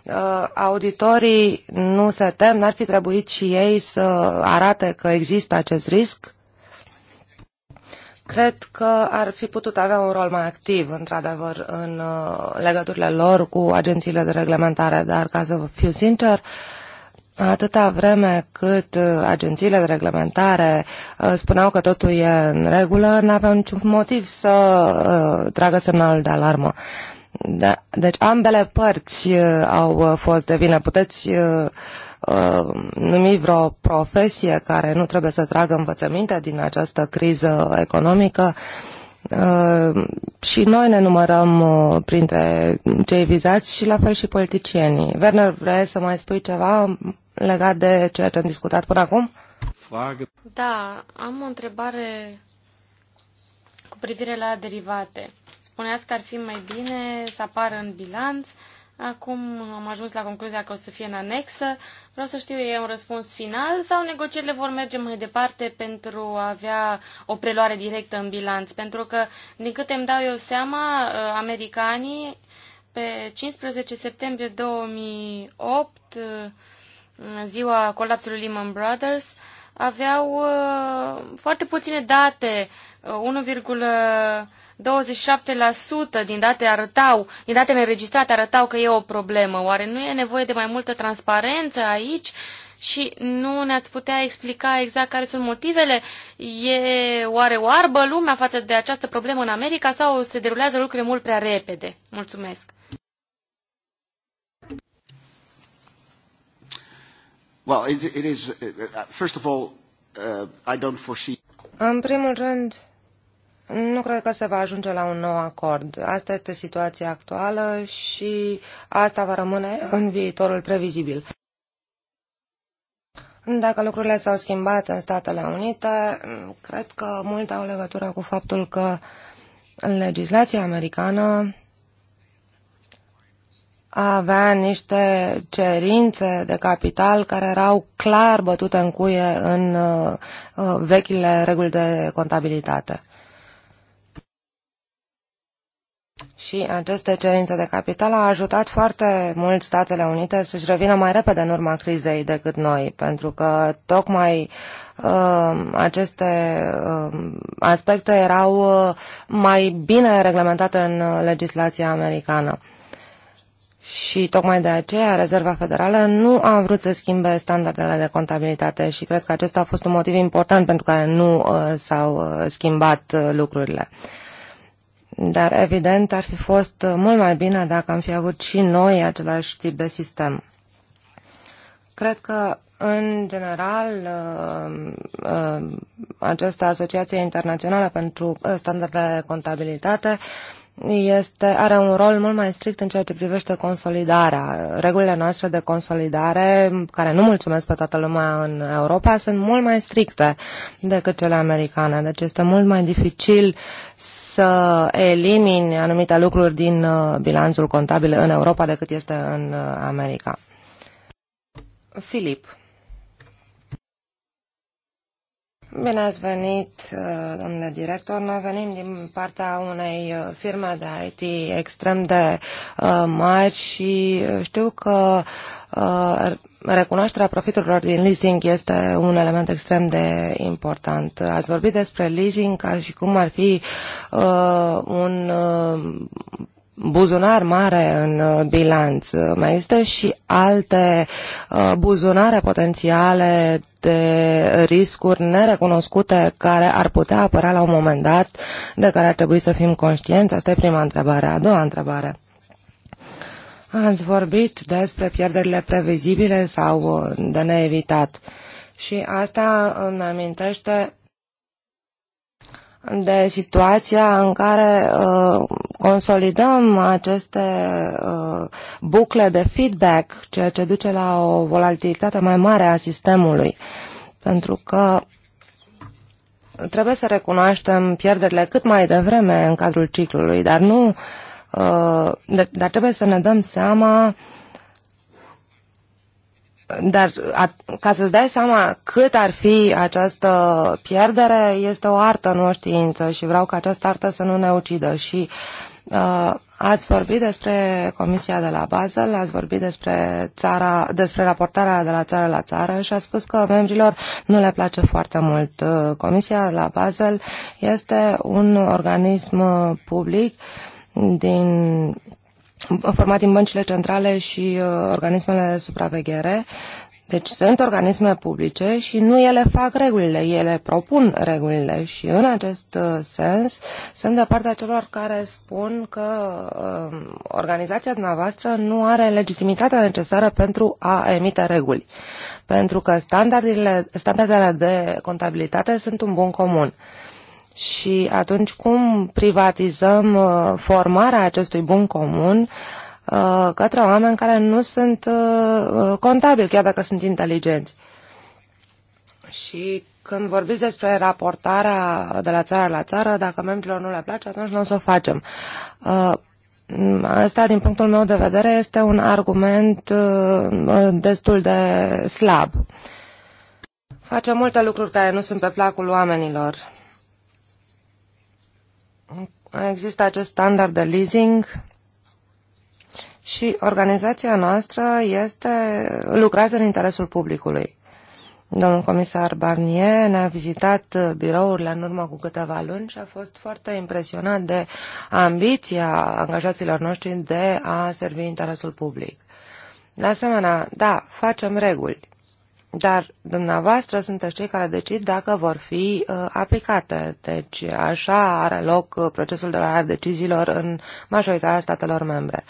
Uh, auditorii nu se tem, n-ar fi trebuit și ei să arate că există acest risc Cred că ar fi putut avea un rol mai activ, într-adevăr, în uh, legăturile lor cu agențiile de reglementare, dar ca să fiu sincer, Atâta vreme cât uh, agențiile de reglementare uh, spuneau că totul e în regulă, n-aveau niciun motiv să tragă semnalul de alarmă. Da. deci ambele părți au fost de vină. Puteți Uh, numi vreo profesie care nu trebuie să tragă învățăminte din această criză economică. Uh, și noi ne numărăm uh, printre cei vizați și la fel și politicienii. Werner, vrei să mai spui ceva legat de ceea ce am discutat până acum? Da, am o întrebare cu privire la derivate. Spuneați că ar fi mai bine să apară în bilanț Acum am ajuns la concluzia că o să fie în anexă. Vreau să știu, e un răspuns final sau negocierile vor merge mai departe pentru a avea o preluare directă în bilanț? Pentru că, din câte îmi dau eu seama, uh, americanii pe 15 septembrie 2008, uh, ziua colapsului Lehman Brothers, aveau uh, foarte puține date, 1, 27% din date arătau, din datele înregistrate arătau că e o problemă. Oare nu e nevoie de mai multă transparență aici? Și nu ne-ați putea explica exact care sunt motivele? E oare oarbă lumea față de această problemă în America sau se derulează lucrurile mult prea repede? Mulțumesc! Well, it, it is, uh, uh, first of all, uh, I don't foresee... În primul rând, nu cred că se va ajunge la un nou acord. Asta este situația actuală și asta va rămâne în viitorul previzibil. Dacă lucrurile s-au schimbat în Statele Unite, cred că multe au legătură cu faptul că legislația americană avea niște cerințe de capital care erau clar bătute în cuie în uh, uh, vechile reguli de contabilitate. Și aceste cerințe de capital a ajutat foarte mult Statele Unite să-și revină mai repede în urma crizei decât noi, pentru că tocmai uh, aceste uh, aspecte erau uh, mai bine reglementate în legislația americană. Și tocmai de aceea Rezerva Federală nu a vrut să schimbe standardele de contabilitate și cred că acesta a fost un motiv important pentru care nu uh, s-au uh, schimbat uh, lucrurile. Uh, dar, evident, ar fi fost mult mai bine dacă am fi avut și noi același tip de sistem. Cred că, în general, uh, uh, această asociație internațională pentru uh, standarde de contabilitate este, are un rol mult mai strict în ceea ce privește consolidarea. Regulile noastre de consolidare, care nu mulțumesc pe toată lumea în Europa, sunt mult mai stricte decât cele americane. Deci este mult mai dificil să elimini anumite lucruri din uh, bilanțul contabil în Europa decât este în uh, America. Filip. Bine ați venit, uh, domnule director. Noi venim din partea unei uh, firme de IT extrem de uh, mari și știu că recunoașterea profiturilor din leasing este un element extrem de important. Ați vorbit despre leasing ca și cum ar fi un buzunar mare în uh, bilanț. Uh, mai există și alte uh, buzunare potențiale de riscuri nerecunoscute care ar putea apărea la un moment dat, de care ar trebui să fim conștienți? Asta e prima întrebare. A doua întrebare. Ați vorbit despre pierderile previzibile sau de neevitat. Și asta îmi amintește de situația în care uh, consolidăm aceste uh, bucle de feedback, ceea ce duce la o volatilitate mai mare a sistemului. Pentru că trebuie să recunoaștem pierderile cât mai devreme în cadrul ciclului, dar nu, uh, de, dar trebuie să ne dăm seama uh, dar a, ca să-ți dai seama cât ar fi această pierdere, este o artă, nu o știință și vreau ca această artă să nu ne ucidă. Și uh, ați vorbit despre Comisia de la Basel, ați vorbit despre, țara, despre raportarea de la țară la țară și ați spus că membrilor nu le place foarte mult. Uh, Comisia de la Basel este un organism uh, public din format din băncile centrale și uh, organismele de supraveghere. Deci sunt organisme publice și nu ele fac regulile, ele propun regulile și în acest uh, sens sunt de partea celor care spun că uh, organizația dumneavoastră nu are legitimitatea necesară pentru a emite reguli, pentru că standardele, standardele de contabilitate sunt un bun comun. Uh, și atunci cum privatizăm uh, formarea acestui bun comun uh, către oameni care nu sunt uh, contabili, chiar dacă sunt inteligenți? Și când vorbiți despre raportarea de la țară la țară, dacă membrilor nu le place, atunci nu o să o facem. Asta, din punctul meu de vedere, este un argument destul de slab. Facem multe lucruri care nu sunt pe placul oamenilor există acest standard de leasing și organizația noastră este, lucrează în interesul publicului. Domnul comisar Barnier ne-a vizitat birourile în urmă cu câteva luni și a fost foarte impresionat de ambiția angajaților noștri de a servi interesul public. De asemenea, da, facem reguli. Dar dumneavoastră sunteți cei care decid dacă vor fi uh, aplicate. Deci așa are loc uh, procesul de luare deciziilor în majoritatea statelor membre.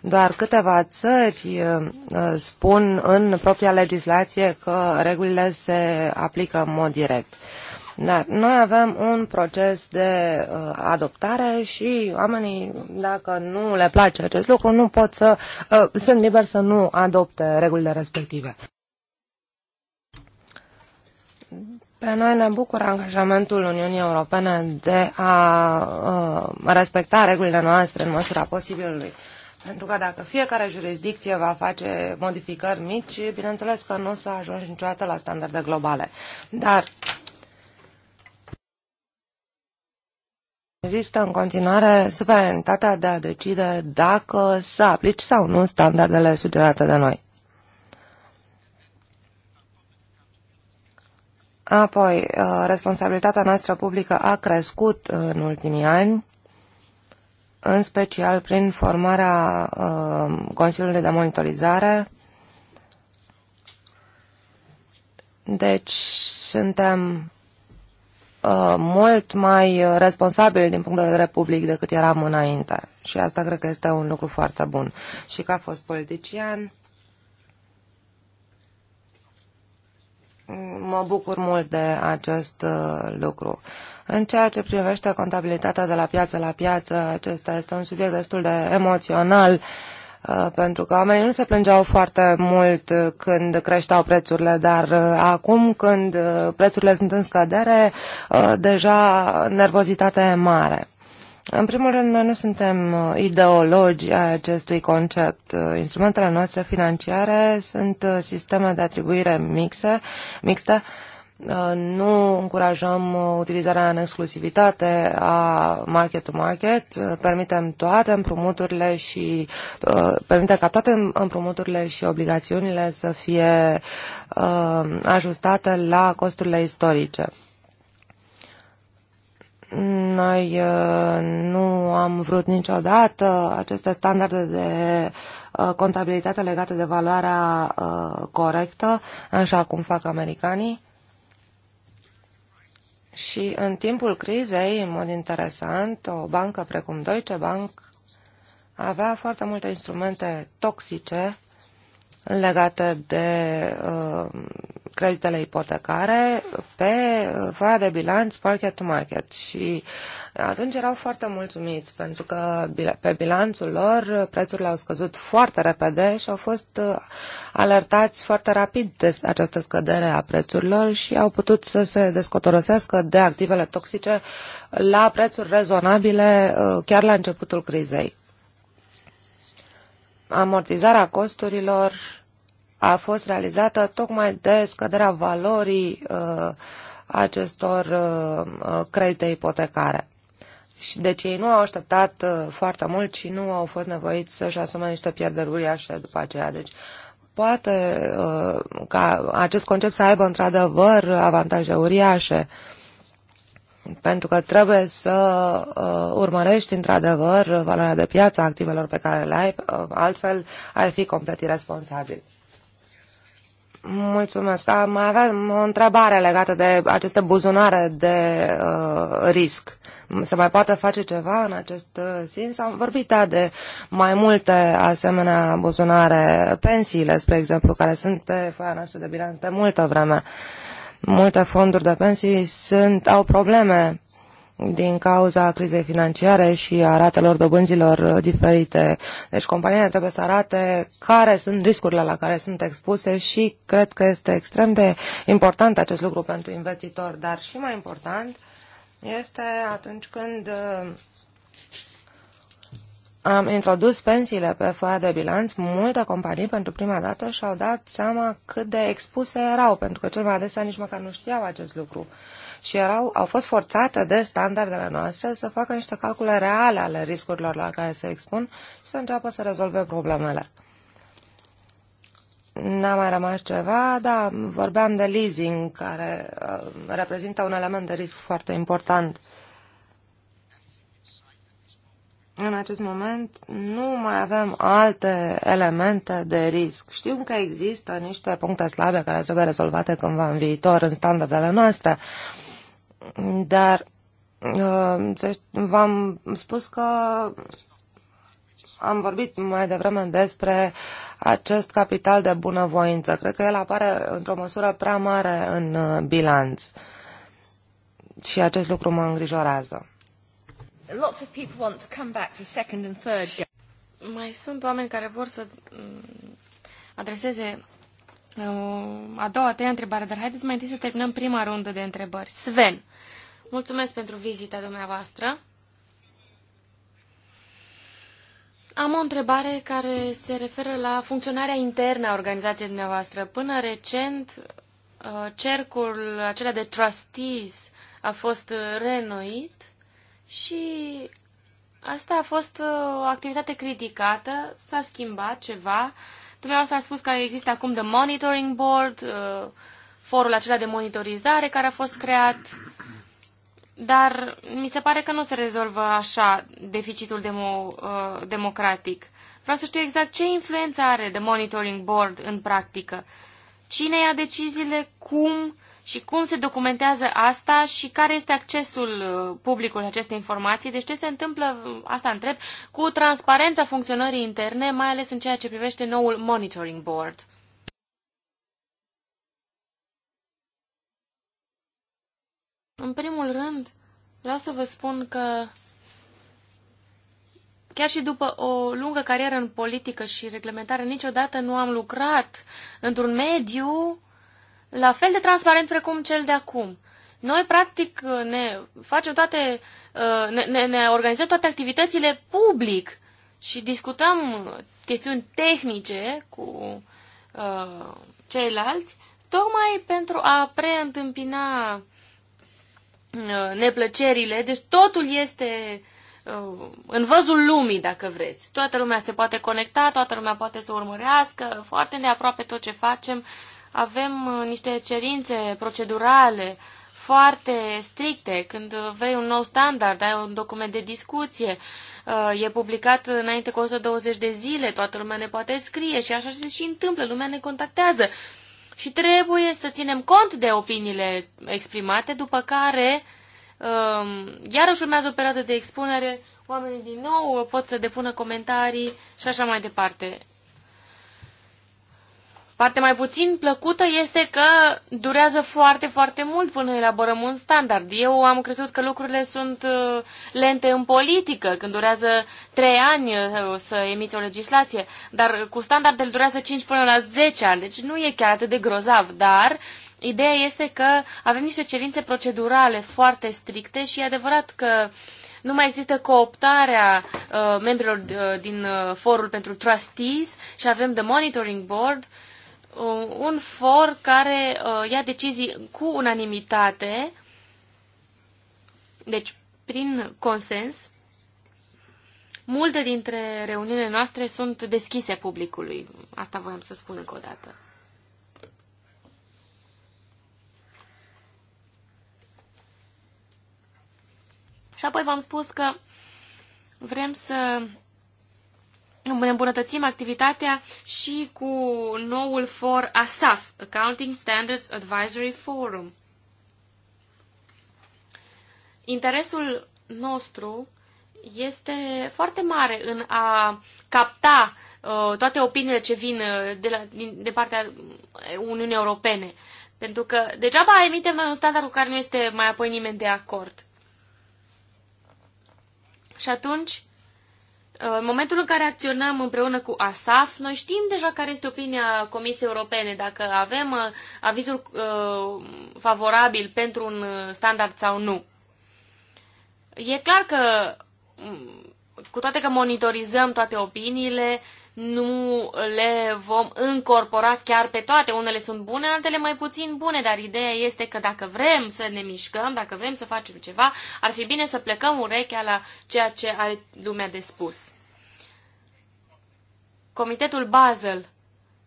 Doar câteva țări uh, uh, spun în propria legislație că regulile se aplică în mod direct. Dar noi avem un proces de uh, adoptare și oamenii, dacă nu le place acest lucru, nu pot să, uh, sunt liberi să nu adopte regulile respective. Pe noi ne bucură angajamentul Uniunii Europene de a uh, respecta regulile noastre în măsura posibilului. Pentru că dacă fiecare jurisdicție va face modificări mici, bineînțeles că nu o să ajungi niciodată la standarde globale. Dar Există în continuare suverenitatea de a decide dacă să aplici sau nu standardele sugerate de noi. Apoi, uh, responsabilitatea noastră publică a crescut în ultimii ani, în special prin formarea uh, Consiliului de Monitorizare. Deci, suntem uh, mult mai responsabil din punct de vedere public decât eram înainte. Și asta cred că este un lucru foarte bun. Și ca fost politician, Mă bucur mult de acest uh, lucru. În ceea ce privește contabilitatea de la piață la piață, acesta este un subiect destul de emoțional uh, pentru că oamenii nu se plângeau foarte mult uh, când creșteau prețurile, dar acum când prețurile sunt în scădere, deja nervozitatea e mare. În primul rând, noi nu suntem uh, ideologi a acestui concept. Uh, instrumentele noastre financiare sunt uh, sisteme de atribuire mixe, mixte. Nu încurajăm utilizarea în exclusivitate a market-to-market, permitem toate împrumuturile și permite ca toate împrumuturile și obligațiunile să fie ajustate la costurile istorice. Noi uh, nu am vrut niciodată aceste standarde de uh, contabilitate legate de valoarea uh, corectă, așa cum fac americanii. Și în timpul crizei, în mod interesant, o bancă precum Deutsche Bank avea foarte multe instrumente toxice legate de uh, creditele ipotecare pe uh, foaia de bilanț market to market și atunci erau foarte mulțumiți pentru că pe bilanțul lor uh, prețurile au scăzut foarte repede și au fost uh, alertați foarte rapid de această scădere a prețurilor și au putut să se descotorosească de activele toxice la prețuri rezonabile chiar la începutul crizei amortizarea costurilor a fost realizată tocmai de scăderea valorii uh, acestor uh, uh credite ipotecare. Și deci ei nu au așteptat uh, foarte mult și nu au fost nevoiți să-și asume niște pierderi uriașe după aceea. Deci poate uh, ca acest concept să aibă într-adevăr avantaje uriașe uh, pentru că trebuie să uh, urmărești într-adevăr valoarea de piață a activelor pe care le ai, uh, altfel ai fi complet irresponsabil. Mulțumesc. Mai avem o întrebare legată de aceste buzunare de uh, risc. Se mai poate face ceva în acest uh, sens? Am vorbit da, de mai multe asemenea buzunare, pensiile, spre exemplu, care sunt pe foaia noastră de bilanț de multă vreme. Uh, Multe fonduri de pensii sunt, au probleme din cauza crizei financiare și a ratelor dobânzilor uh, diferite. Deci companiile trebuie să arate care sunt riscurile la care sunt expuse și cred că este extrem de important acest lucru pentru investitor, dar și mai important este atunci când uh, am introdus pensiile pe foaia de bilanț, multe companii pentru prima dată și-au dat seama cât de expuse erau, pentru că cel mai adesea nici măcar nu știau acest lucru. Și erau, au fost forțate de standardele noastre să facă niște calcule reale ale riscurilor la care se expun și să înceapă să rezolve problemele. N-a mai rămas ceva, dar vorbeam de leasing, care uh, reprezintă un element de risc foarte important în acest moment nu mai avem alte elemente de risc. Știu că există niște puncte slabe care trebuie rezolvate cândva în viitor în standardele noastre, dar uh, v-am spus că am vorbit mai devreme despre acest capital de bunăvoință. Cred că el apare într-o măsură prea mare în uh, bilanț și acest lucru mă îngrijorează lots of people want to come back for second and third Mai sunt oameni care vor să mm, adreseze uh, a doua, a treia întrebare, dar haideți mai întâi să terminăm prima rundă de întrebări. Sven, mulțumesc pentru vizita dumneavoastră. Am o întrebare care se referă la funcționarea internă a organizației dumneavoastră. Până recent, uh, cercul acela de trustees a fost renoit și asta a fost uh, o activitate criticată, s-a schimbat ceva. Dumneavoastră a spus că există acum The Monitoring Board, uh, forul acela de monitorizare care a fost creat, dar mi se pare că nu se rezolvă așa deficitul demo, uh, democratic. Vreau să știu exact ce influență are The Monitoring Board în practică. Cine ia deciziile, cum, și cum se documentează asta și care este accesul uh, publicului acestei informații. Deci ce se întâmplă, uh, asta întreb, cu transparența funcționării interne, mai ales în ceea ce privește noul monitoring board. În primul rând, vreau să vă spun că chiar și după o lungă carieră în politică și reglementare, niciodată nu am lucrat într-un mediu la fel de transparent precum cel de acum. Noi, practic, ne facem toate, uh, ne, ne, ne organizăm toate activitățile public și discutăm chestiuni tehnice cu uh, ceilalți, tocmai pentru a preîntâmpina uh, neplăcerile. Deci totul este uh, în văzul lumii, dacă vreți. Toată lumea se poate conecta, toată lumea poate să urmărească foarte de aproape tot ce facem. Uh, avem uh, niște cerințe procedurale foarte stricte. Când vrei un nou standard, ai un document de discuție, uh, e publicat înainte cu 120 de zile, toată lumea ne poate scrie și așa se și întâmplă, lumea ne contactează. Și trebuie să ținem cont de opiniile exprimate, după care um, iarăși urmează o perioadă de expunere, oamenii din nou pot să depună comentarii și așa mai departe. Partea mai puțin plăcută este că durează foarte, foarte mult până elaborăm un standard. Eu am crezut că lucrurile sunt uh, lente în politică, când durează trei ani uh, să emiți o legislație, dar cu standardele durează 5 până la 10 ani, deci nu e chiar atât de grozav, dar ideea este că avem niște cerințe procedurale foarte stricte și e adevărat că nu mai există cooptarea uh, membrilor uh, din uh, forul pentru trustees și avem the monitoring board uh, Uh, un for care uh, ia decizii cu unanimitate, deci prin consens. Multe dintre reuniunile noastre sunt deschise publicului. Asta voiam să spun încă o dată. Și apoi v-am spus că vrem să îmbunătățim activitatea și cu noul for ASAF, Accounting Standards Advisory Forum. Interesul nostru este foarte mare în a capta uh, toate opiniile ce vin uh, de, la, din, de partea Uniunii Europene. Pentru că degeaba emitem un standard cu care nu este mai apoi nimeni de acord. Și atunci, în momentul în care acționăm împreună cu ASAF, noi știm deja care este opinia Comisiei Europene. Dacă avem uh, avizul uh, favorabil pentru un uh, standard sau nu. E clar că, mm, cu toate că monitorizăm toate opiniile, nu le vom încorpora chiar pe toate. Unele sunt bune, altele mai puțin bune, dar ideea este că dacă vrem să ne mișcăm, dacă vrem să facem ceva, ar fi bine să plecăm urechea la ceea ce are lumea de spus. Comitetul Basel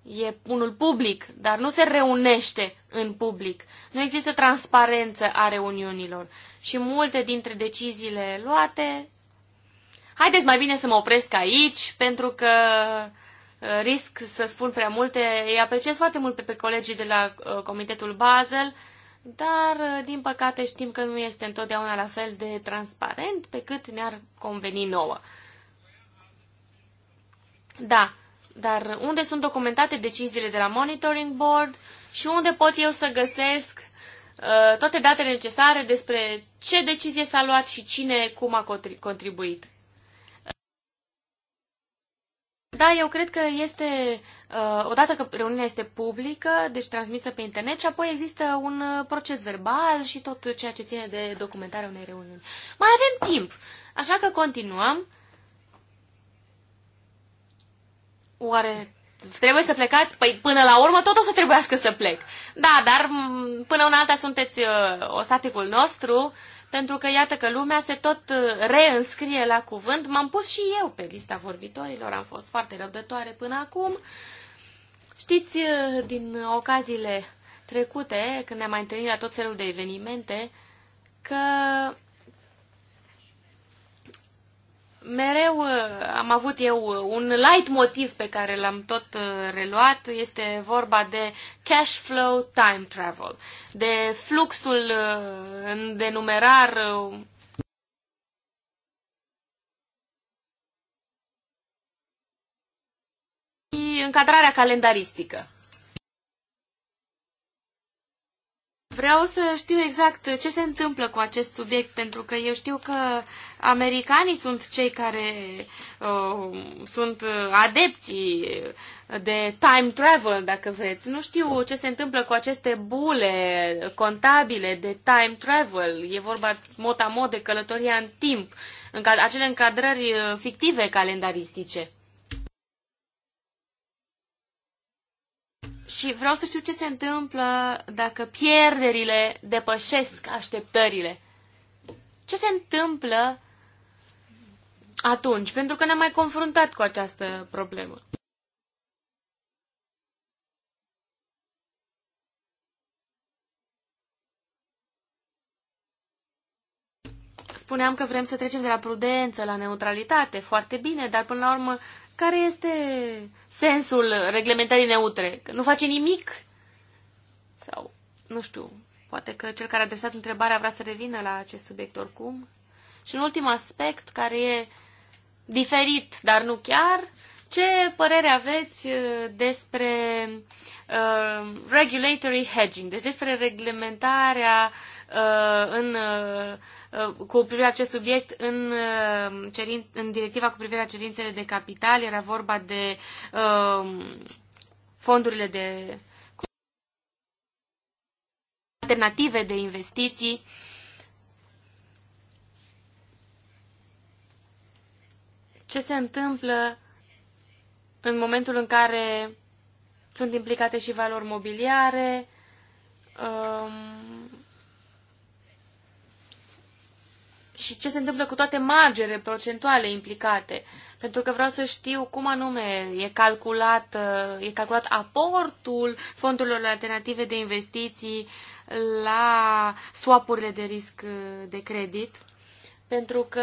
e unul public, dar nu se reunește în public. Nu există transparență a reuniunilor și multe dintre deciziile luate Haideți mai bine să mă opresc aici, pentru că uh, risc să spun prea multe. Îi apreciez foarte mult pe, pe colegii de la uh, Comitetul Basel, dar, uh, din păcate, știm că nu este întotdeauna la fel de transparent pe cât ne-ar conveni nouă. Da, dar unde sunt documentate deciziile de la Monitoring Board și unde pot eu să găsesc uh, toate datele necesare despre ce decizie s-a luat și cine cum a contribuit. Da, eu cred că este, uh, odată că reuniunea este publică, deci transmisă pe internet și apoi există un uh, proces verbal și tot ceea ce ține de documentarea unei reuniuni. Mai avem timp, așa că continuăm. Oare trebuie să plecați? Păi până la urmă tot o să trebuiască să plec. Da, dar până una alta sunteți uh, ostaticul nostru. Uh, pentru că iată că lumea se tot uh, reînscrie la cuvânt. M-am pus și eu pe lista vorbitorilor, am fost foarte răbdătoare până acum. Știți, uh, din ocaziile trecute, când ne-am mai întâlnit la tot felul de evenimente, că mereu uh, am avut eu uh, un light motiv pe care l-am tot uh, reluat. Este vorba de cash flow time travel, de fluxul în denumerar încadrarea calendaristică. Vreau să știu exact ce se întâmplă cu acest subiect, pentru că eu știu că americanii sunt cei care uh, sunt adepții de time travel, dacă vreți. Nu știu ce se întâmplă cu aceste bule contabile de time travel. E vorba mot-a-mod de călătoria în timp, în acele încadrări uh, fictive calendaristice. Și vreau să știu ce se întâmplă dacă pierderile depășesc așteptările. Ce se întâmplă atunci? Pentru că ne-am mai confruntat cu această problemă. Spuneam că vrem să trecem de la prudență la neutralitate. Foarte bine, dar până la urmă, care este sensul reglementării neutre, că nu face nimic. Sau, nu știu, poate că cel care a adresat întrebarea vrea să revină la acest subiect oricum. Și un ultim aspect care e diferit, dar nu chiar, ce părere aveți uh, despre uh, regulatory hedging, deci despre reglementarea uh, Uh, în, uh, cu privire la acest subiect în, uh, cerin, în directiva cu privire la cerințele de capital. Era vorba de fondurile de alternative de investiții. Ce se întâmplă în momentul în care sunt implicate și valori mobiliare, um, și ce se întâmplă cu toate margele procentuale implicate. Pentru că vreau să știu cum anume e calculat, e calculat aportul fondurilor alternative de investiții la swapurile de risc de credit. Pentru că,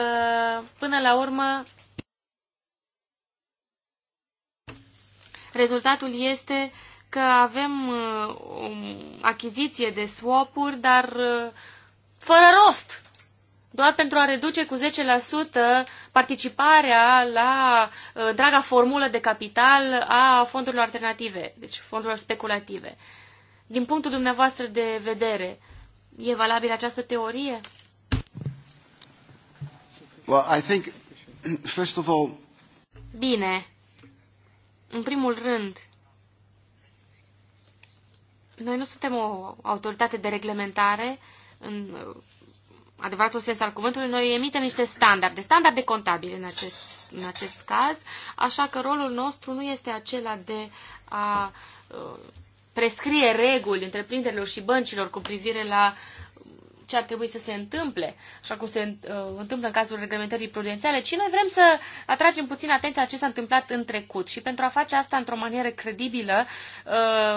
până la urmă, rezultatul este că avem uh, o achiziție de swapuri, dar uh, fără rost doar pentru a reduce cu 10% participarea la uh, draga formulă de capital a fondurilor alternative, deci fondurilor speculative. Din punctul dumneavoastră de vedere, e valabilă această teorie? Well, I think, first of all... Bine. În primul rând, noi nu suntem o autoritate de reglementare în uh, adevăratul sens al cuvântului, noi emitem niște standarde, standarde contabile în acest, în acest caz, așa că rolul nostru nu este acela de a uh, prescrie reguli întreprinderilor și băncilor cu privire la ce ar trebui să se întâmple, așa cum se uh, întâmplă în cazul reglementării prudențiale, ci noi vrem să atragem puțin atenția ce s-a întâmplat în trecut. Și pentru a face asta într-o manieră credibilă,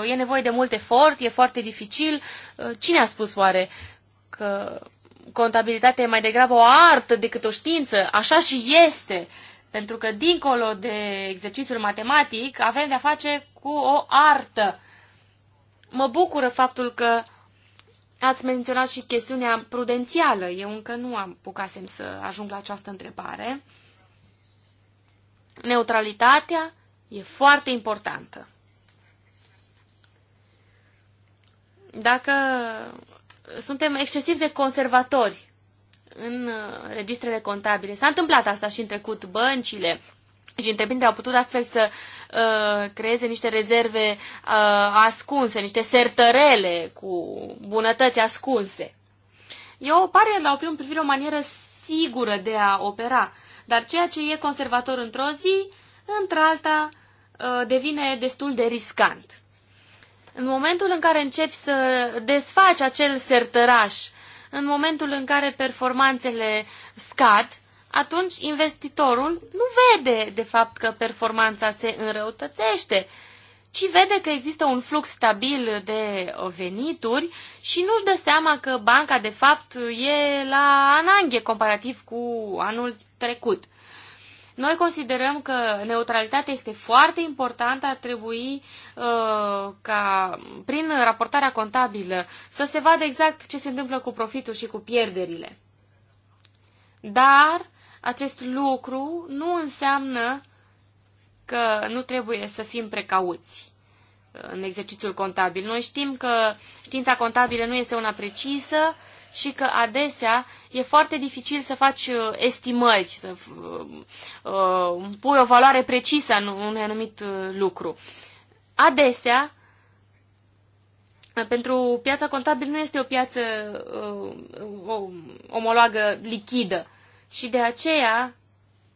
uh, e nevoie de mult efort, e foarte dificil. Cine a spus oare că contabilitatea e mai degrabă o artă decât o știință, așa și este, pentru că dincolo de exercițiul matematic avem de-a face cu o artă. Mă bucură faptul că ați menționat și chestiunea prudențială. Eu încă nu am bucasem să ajung la această întrebare. Neutralitatea e foarte importantă. Dacă suntem excesiv de conservatori în uh, registrele contabile. S-a întâmplat asta și în trecut. Băncile și întreprinderile au putut astfel să uh, creeze niște rezerve uh, ascunse, niște sertărele cu bunătăți ascunse. Eu pare la o primă privire o manieră sigură de a opera, dar ceea ce e conservator într-o zi, într-alta, uh, devine destul de riscant. În momentul în care începi să desfaci acel sertăraș, în momentul în care performanțele scad, atunci investitorul nu vede, de fapt, că performanța se înrăutățește, ci vede că există un flux stabil de venituri și nu-și dă seama că banca, de fapt, e la ananghe comparativ cu anul trecut. Noi considerăm că neutralitatea este foarte importantă, ar trebui uh, ca prin raportarea contabilă să se vadă exact ce se întâmplă cu profitul și cu pierderile. Dar acest lucru nu înseamnă că nu trebuie să fim precauți uh, în exercițiul contabil. Noi știm că știința contabilă nu este una precisă, și că adesea e foarte dificil să faci uh, estimări, să uh, uh, pui o valoare precisă în un anumit uh, lucru. Adesea, pentru piața contabilă nu este o piață uh, omologă lichidă și de aceea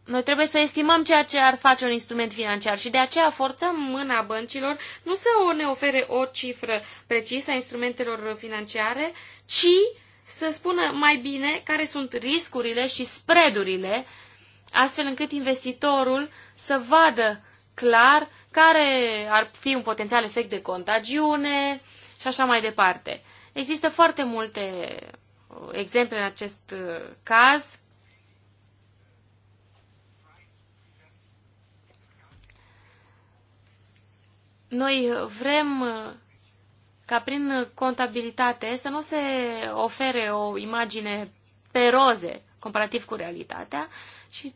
noi trebuie să estimăm ceea ce ar face un instrument financiar și de aceea forțăm mâna băncilor nu să ne ofere o cifră precisă a instrumentelor financiare, ci să spună mai bine care sunt riscurile și spredurile, astfel încât investitorul să vadă clar care ar fi un potențial efect de contagiune și așa mai departe. Există foarte multe uh, exemple în acest uh, caz. Noi vrem uh, ca prin contabilitate să nu se ofere o imagine pe roze comparativ cu realitatea și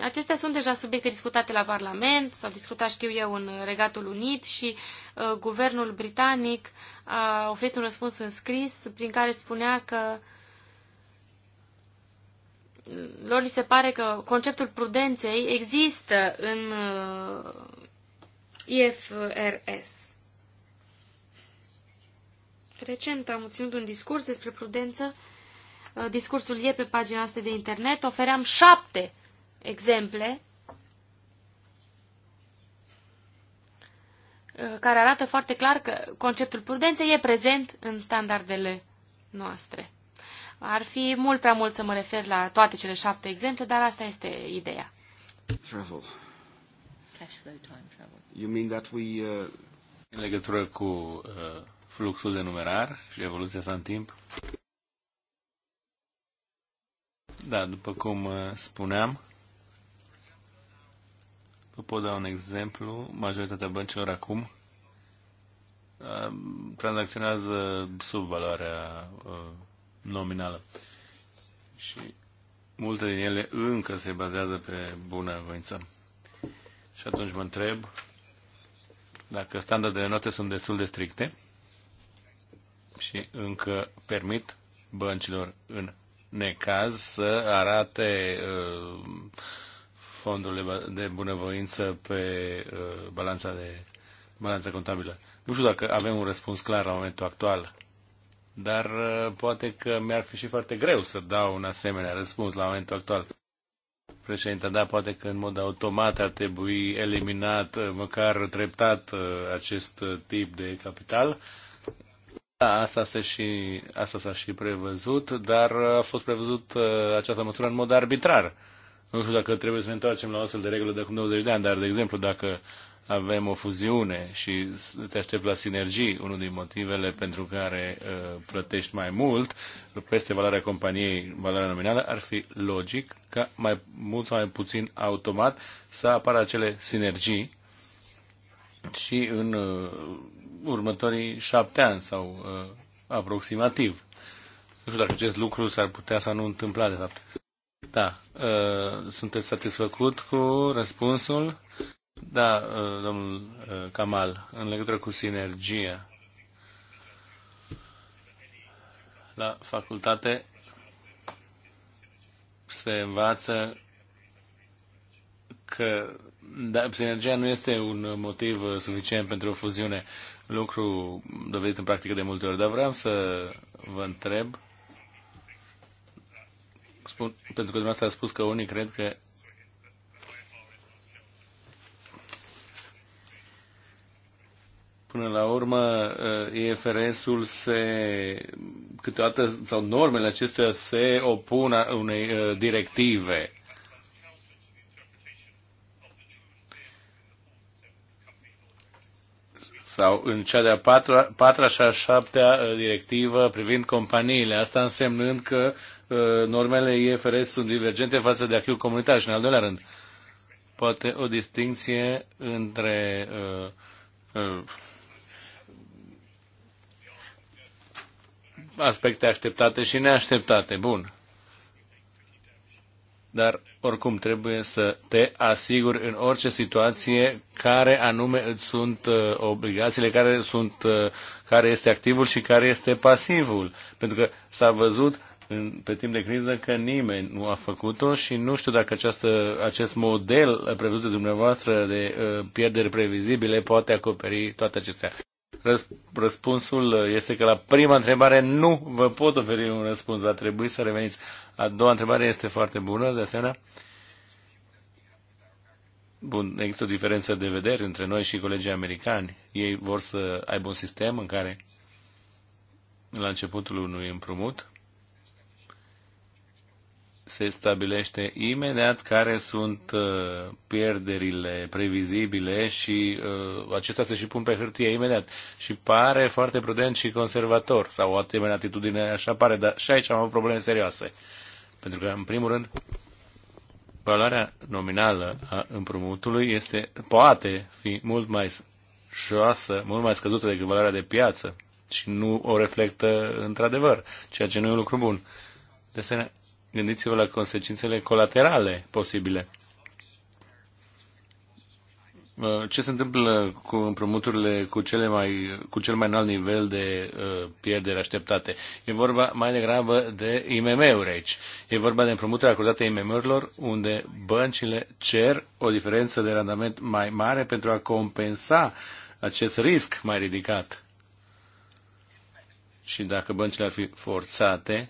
acestea sunt deja subiecte discutate la Parlament, s-au discutat, știu eu, în Regatul Unit și uh, guvernul britanic a oferit un răspuns în scris prin care spunea că mm, lor li se pare că conceptul prudenței există în uh, IFRS. Recent am ținut un discurs despre prudență. Uh, discursul e pe pagina asta de internet. Ofeream șapte exemple uh, care arată foarte clar că conceptul prudenței e prezent în standardele noastre. Ar fi mult prea mult să mă refer la toate cele șapte exemple, dar asta este ideea. Travel. Cash flow time travel. You mean that we, uh... În legătură cu uh, fluxul de numerar și evoluția sa în timp. Da, după cum uh, spuneam, vă pot da un exemplu. Majoritatea băncilor acum uh, tranzacționează sub valoarea uh, nominală. Și multe din ele încă se bazează pe bună voință. Și atunci mă întreb dacă standardele noastre sunt destul de stricte și încă permit băncilor în necaz să arate uh, fondurile de bunăvoință pe uh, balanța, de, balanța contabilă. Nu știu dacă avem un răspuns clar la momentul actual, dar uh, poate că mi-ar fi și foarte greu să dau un asemenea răspuns la momentul actual. Președinte, da, poate că în mod automat ar trebui eliminat, măcar treptat, acest tip de capital da, asta, și, asta s-a și prevăzut, dar a fost prevăzut uh, această măsură în mod arbitrar. Nu știu dacă trebuie să ne întoarcem la o astfel de regulă de acum 20 de ani, dar, de exemplu, dacă avem o fuziune și te aștept la sinergii, unul din motivele pentru care uh, plătești mai mult peste valoarea companiei, valoarea nominală, ar fi logic ca mai mult sau mai puțin automat să apară acele sinergii și în uh, următorii șapte ani sau uh, aproximativ. Nu știu dacă acest lucru s-ar putea să nu întâmpla, de fapt. Da, uh, sunteți satisfăcut cu răspunsul? Da, uh, domnul uh, Kamal, în legătură cu sinergia. La facultate se învață că da, sinergia nu este un motiv uh, suficient pentru o fuziune lucru dovedit în practică de multe ori, dar vreau să vă întreb, spun, pentru că dumneavoastră a spus că unii cred că până la urmă EFRS-ul eh, se câteodată, sau normele acestea se opun unei eh, directive sau în cea de-a patra, patra și a șaptea uh, directivă privind companiile, asta însemnând că uh, normele IFRS sunt divergente față de acquis comunitar și, în al doilea rând, poate o distinție între uh, uh, aspecte așteptate și neașteptate. Bun. Dar oricum, trebuie să te asiguri în orice situație care anume îți sunt uh, obligațiile, care, sunt, uh, care este activul și care este pasivul. Pentru că s-a văzut în, pe timp de criză că nimeni nu a făcut-o și nu știu dacă această, acest model prevăzut de dumneavoastră de uh, pierderi previzibile poate acoperi toate acestea. Răspunsul uh, este că la prima întrebare nu vă pot oferi un răspuns, va trebui să reveniți. A doua întrebare este foarte bună, de asemenea. Bun, există o diferență de vedere între noi și colegii americani. Ei vor să aibă un sistem în care, la începutul unui împrumut, se stabilește imediat care sunt uh, pierderile previzibile și uh, acestea se și pun pe hârtie imediat. Și pare foarte prudent și conservator sau o atemenea atitudine așa pare, dar și aici am avut probleme serioase. Pentru că, în primul rând, valoarea nominală a împrumutului este, poate fi mult mai șoasă, mult mai scăzută decât valoarea de piață și nu o reflectă într-adevăr, ceea ce nu e un lucru bun. De asemenea, Gândiți-vă la consecințele colaterale posibile. Uh, ce se întâmplă cu împrumuturile cu, cele mai, cu cel mai înalt nivel de uh, pierdere așteptate? E vorba mai degrabă de IMM-uri aici. E vorba de împrumuturile acordate IMM-urilor unde băncile cer o diferență de randament mai mare pentru a compensa acest risc mai ridicat. Și dacă băncile ar fi forțate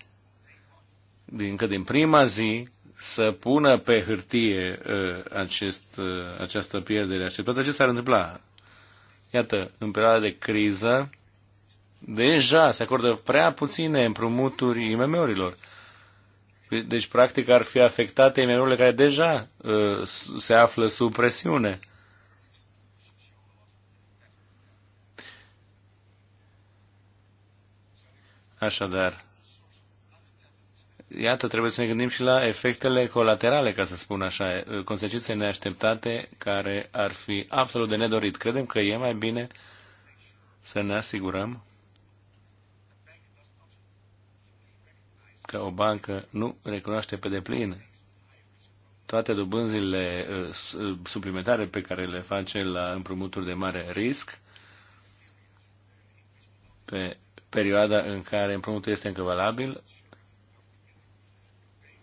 încă din prima zi, să pună pe hârtie uh, acest, uh, această pierdere așteptată, ce s-ar întâmpla? Iată, în perioada de criză, deja se acordă prea puține împrumuturi IMM-urilor. Deci, practic, ar fi afectate IMM-urile care deja uh, se află sub presiune. Așadar, iată, trebuie să ne gândim și la efectele colaterale, ca să spun așa, consecințe neașteptate care ar fi absolut de nedorit. Credem că e mai bine să ne asigurăm că o bancă nu recunoaște pe deplin toate dobânzile uh, suplimentare pe care le face la împrumuturi de mare risc pe perioada în care împrumutul este încă valabil,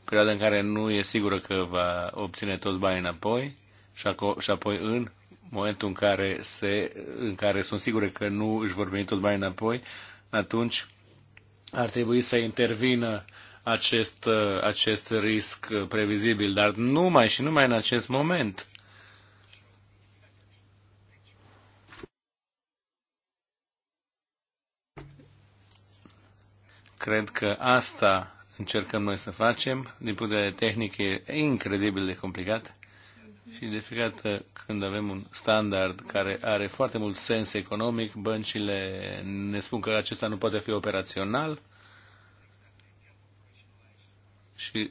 perioada în care nu e sigură că va obține toți banii înapoi și, aco- și apoi în momentul în care, se, în care sunt sigure că nu își vor veni toți banii înapoi, atunci ar trebui să intervină acest, acest risc previzibil, dar numai și numai în acest moment. Cred că asta încercăm noi să facem. Din punct de vedere tehnic e incredibil de complicat și de fiecare dată când avem un standard care are foarte mult sens economic, băncile ne spun că acesta nu poate fi operațional și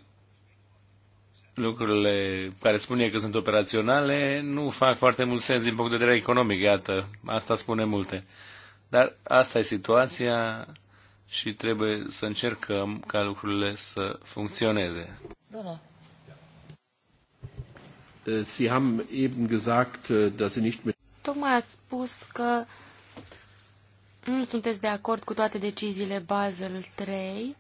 lucrurile care spune că sunt operaționale nu fac foarte mult sens din punct de vedere economic, iată, asta spune multe. Dar asta e situația, și trebuie să încercăm ca lucrurile să funcționeze. Da. da. Äh, Sie haben eben gesagt, äh, dass Sie nicht mit Tocmai ați spus că nu sunteți de acord cu toate deciziile Basel 3.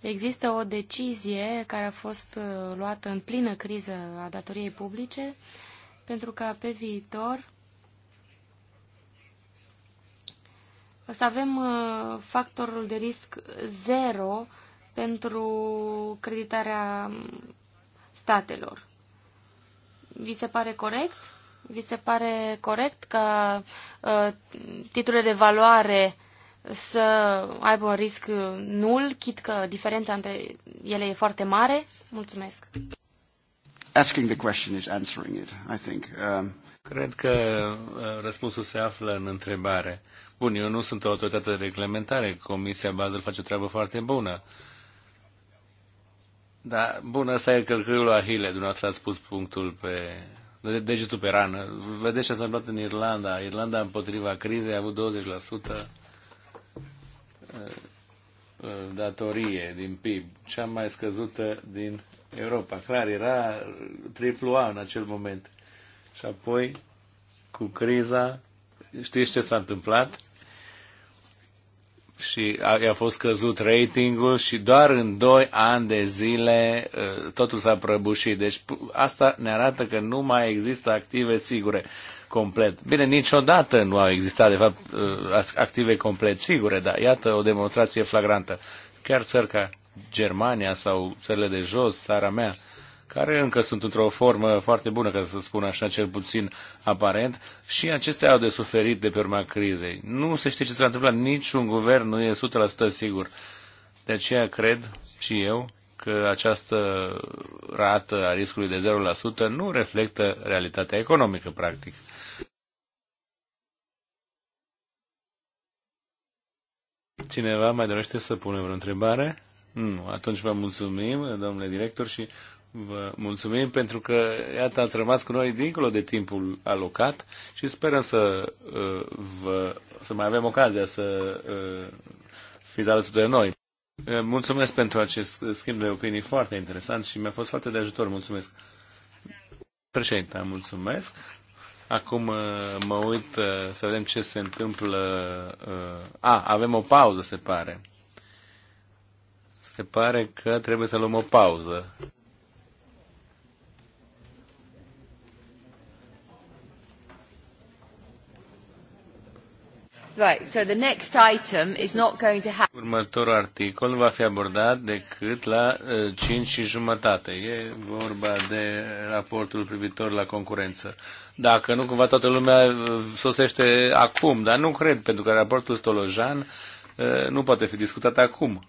Există o decizie care a fost uh, luată în plină criză a datoriei publice pentru ca pe viitor să avem uh, factorul de risc zero pentru creditarea um, statelor. Vi se pare corect? Vi se pare corect ca uh, titlurile de valoare să aibă un risc uh, nul, chit că diferența între ele e foarte mare? Mulțumesc. Asking the question is answering it, I think. Um... Cred că răspunsul se află în întrebare. Uh, Bun, eu nu sunt o autoritate de reglementare. Comisia Basel face o treabă foarte bună. Da, bun, ăsta e călcâiul la Hile, dumneavoastră ați spus punctul pe de degetul pe rană. Vedeți ce s-a întâmplat în Irlanda. Irlanda împotriva crizei a avut 20% eh, eh, datorie din PIB, cea mai scăzută din Europa. Clar, era triplu A în acel moment. Și apoi, cu criza, știți ce s-a întâmplat? și a, a fost căzut ratingul și doar în 2 ani de zile ă, totul s-a prăbușit. Deci asta ne arată că nu mai există active sigure complet. Bine, niciodată nu au existat, de fapt, ă, active complet sigure, dar iată o demonstrație flagrantă. Chiar țări ca Germania sau țările de jos, țara mea, care încă sunt într-o formă foarte bună, ca să spun așa, cel puțin aparent, și acestea au de suferit de pe urma crizei. Nu se știe ce s-a întâmplat, niciun guvern nu e 100% sigur. De aceea cred și eu că această rată a riscului de 0% nu reflectă realitatea economică, practic. Cineva mai dorește să pune vreo întrebare? Nu. Atunci vă mulțumim, domnule director, și Vă mulțumim pentru că, iată, ați rămas cu noi dincolo de timpul alocat și sperăm să, uh, vă, să mai avem ocazia să uh, fiți alături de noi. Uh, mulțumesc pentru acest schimb de opinii foarte interesant și mi-a fost foarte de ajutor. Mulțumesc. Președinte, mulțumesc. Acum uh, mă uit uh, să vedem ce se întâmplă. A, avem o pauză, se pare. Se pare că trebuie să luăm o pauză. Right, so the next item is not going to happen. Următorul articol va fi abordat decât la uh, ă, 5 și jumătate. E vorba de raportul privitor la concurență. Dacă nu, cumva toată lumea ă, sosește acum, dar nu cred, pentru că raportul Stolojan uh, nu poate fi discutat acum.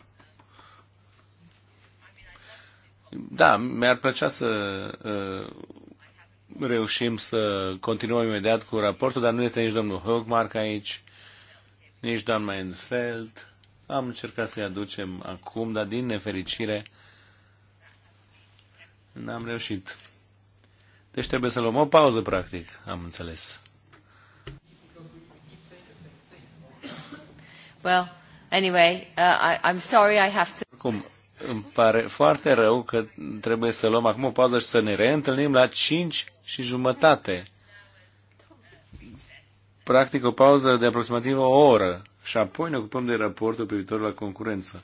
Da, mi-ar plăcea să uh, reușim să continuăm imediat cu raportul, dar nu este nici domnul Hogmark aici nici doamna Enfeld. Am încercat să-i aducem acum, dar din nefericire n-am reușit. Deci trebuie să luăm o pauză, practic, am înțeles. Well, anyway, uh, I, I'm sorry I have to... Acum, îmi pare foarte rău că trebuie să luăm acum o pauză și să ne reîntâlnim la 5 și jumătate practic o pauză de aproximativ o oră și apoi ne ocupăm de raportul privitor la concurență.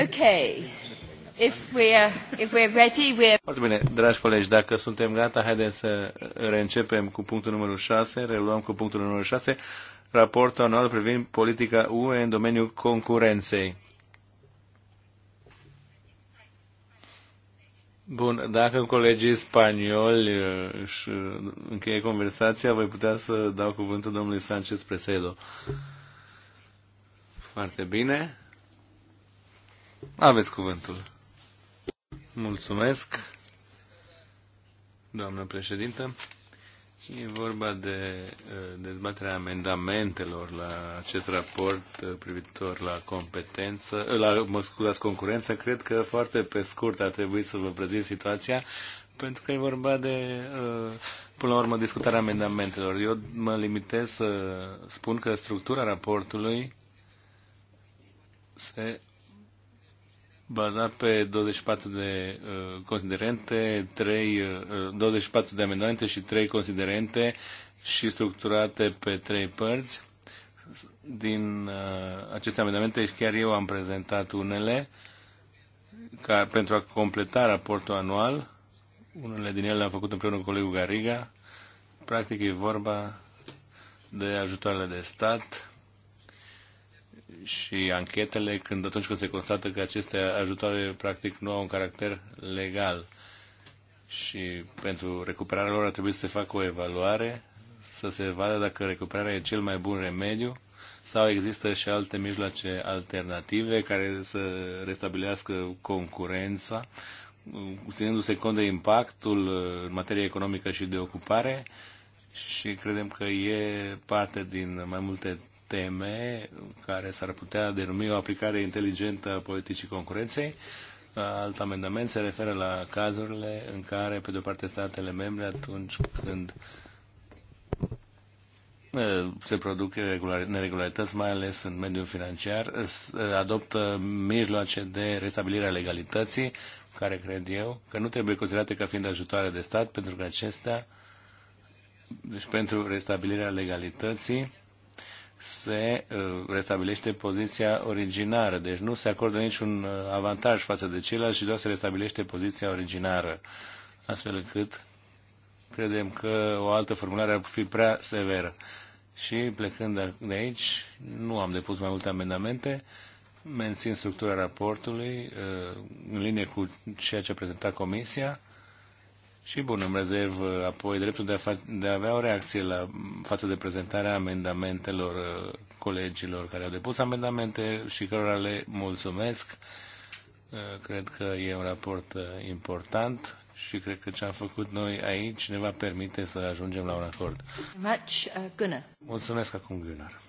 Okay. If if we're ready, we're... Foarte bine, dragi colegi, dacă suntem gata, haideți să reîncepem cu punctul numărul 6, reluăm cu punctul numărul 6, raportul anual privind politica UE în domeniul concurenței. Bun, dacă colegii spanioli uh, își încheie conversația, voi putea să dau cuvântul domnului Sanchez Presedo. Foarte bine. Aveți cuvântul. Mulțumesc, doamnă președintă. E vorba de uh, dezbaterea amendamentelor la acest raport uh, privitor la competență, uh, la, mă scuzați, concurență. Cred că foarte pe scurt ar trebui să vă prezint situația, pentru că e vorba de, până la urmă, discutarea amendamentelor. Eu mă limitez să spun că structura raportului se baza pe 24 de uh, considerente, 3, uh, 24 de amendamente și 3 considerente și structurate pe 3 părți. Din uh, aceste amendamente chiar eu am prezentat unele ca, pentru a completa raportul anual. Unele din ele le-am făcut împreună cu colegul Gariga. Practic e vorba de ajutoarele de stat și anchetele când atunci când se constată că aceste ajutoare practic nu au un caracter legal. Și pentru recuperarea lor ar trebui să se facă o evaluare, să se vadă dacă recuperarea e cel mai bun remediu sau există și alte mijloace alternative care să restabilească concurența, ținându-se cont de impactul uh, în materie economică și de ocupare și credem că e parte din mai multe teme care s-ar putea denumi o aplicare inteligentă a politicii concurenței. Alt amendament se referă la cazurile în care, pe de-o parte, statele membre, atunci când se produc neregularități, mai ales în mediul financiar, adoptă mijloace de restabilire a legalității, care cred eu că nu trebuie considerate ca fiind ajutoare de stat, pentru că acestea, deci pentru restabilirea legalității, se uh, restabilește poziția originară, deci nu se acordă niciun uh, avantaj față de ceilalți și doar se restabilește poziția originară, astfel încât credem că o altă formulare ar fi prea severă. Și plecând de aici, nu am depus mai multe amendamente, mențin structura raportului uh, în linie cu ceea ce a prezentat Comisia și bun, îmi rezerv apoi dreptul de a, de a avea o reacție la, față de prezentarea amendamentelor uh, colegilor care au depus amendamente și cărora le mulțumesc. Uh, cred că e un raport uh, important și cred că ce am făcut noi aici ne va permite să ajungem la un acord. Mulțumesc acum, Gunnar.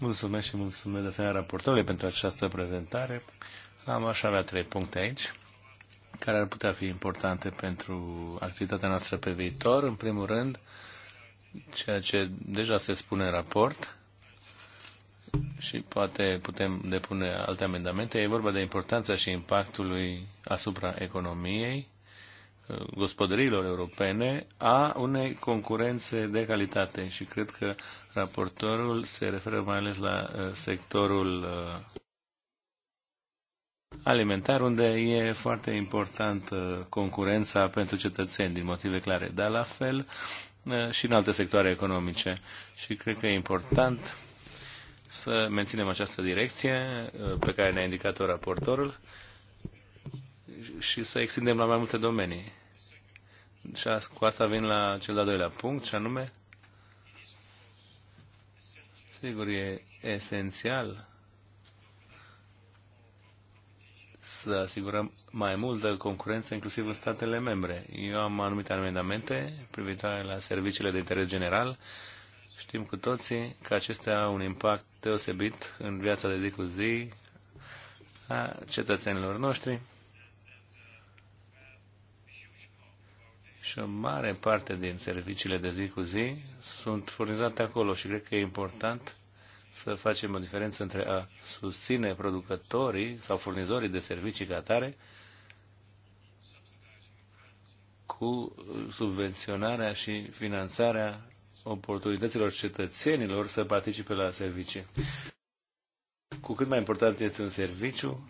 Mulțumesc și mulțumesc de asemenea raportorului pentru această prezentare. Am aș avea trei puncte aici care ar putea fi importante pentru activitatea noastră pe viitor. În primul rând, ceea ce deja se spune în raport și poate putem depune alte amendamente, e vorba de importanța și impactului asupra economiei, gospodăriilor europene, a unei concurențe de calitate și cred că raportorul se referă mai ales la uh, sectorul uh, alimentar, unde e foarte important concurența pentru cetățeni, din motive clare, dar la fel și în alte sectoare economice. Și cred că e important să menținem această direcție pe care ne-a indicat-o raportorul și să extindem la mai multe domenii. Și cu asta vin la cel de-al doilea punct, și anume, sigur, e esențial să asigurăm mai multă concurență, inclusiv în statele membre. Eu am anumite amendamente privitoare la serviciile de interes general. Știm cu toții că acestea au un impact deosebit în viața de zi cu zi a cetățenilor noștri. Și o mare parte din serviciile de zi cu zi sunt furnizate acolo și cred că e important să facem o diferență între a susține producătorii sau furnizorii de servicii ca atare cu subvenționarea și finanțarea oportunităților cetățenilor să participe la servicii. Cu cât mai important este un serviciu,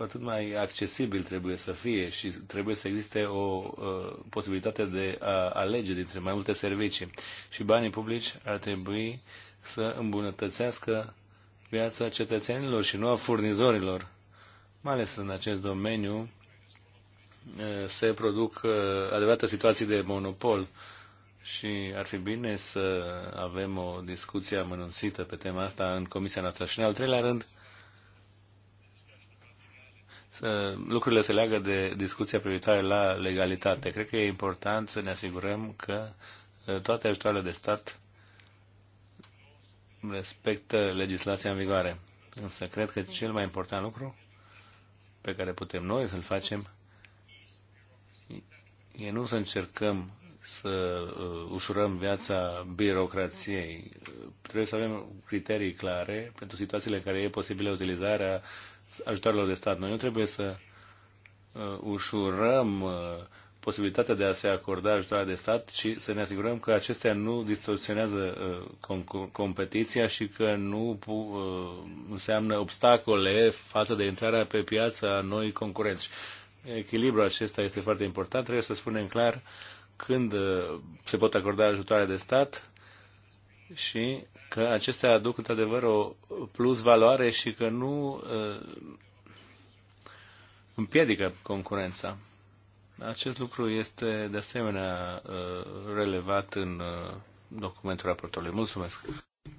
cu atât mai accesibil trebuie să fie și trebuie să existe o uh, posibilitate de a alege dintre mai multe servicii. Și banii publici ar trebui să îmbunătățească viața cetățenilor și nu a furnizorilor. Mai ales în acest domeniu uh, se produc uh, adevărate situații de monopol și ar fi bine să avem o discuție amănunțită pe tema asta în comisia noastră. Și în al treilea rând, uh, lucrurile se leagă de discuția privitoare la legalitate. Cred că e important să ne asigurăm că uh, toate ajutoarele de stat respectă legislația în vigoare. Însă cred că cel mai important lucru pe care putem noi să-l facem e nu să încercăm să uh, ușurăm viața birocrației. Trebuie să avem criterii clare pentru situațiile în care e posibilă utilizarea ajutoarelor de stat. Noi nu trebuie să uh, ușurăm uh, posibilitatea de a se acorda ajutoare de stat și să ne asigurăm că acestea nu distorsionează uh, competiția și că nu uh, înseamnă obstacole față de intrarea pe a noi concurenți. Echilibrul acesta este foarte important. Trebuie să spunem clar când uh, se pot acorda ajutoare de stat și că acestea aduc într-adevăr o plus valoare și că nu uh, împiedică concurența. Acest lucru este de asemenea uh, relevat în uh, documentul raportului. Mulțumesc!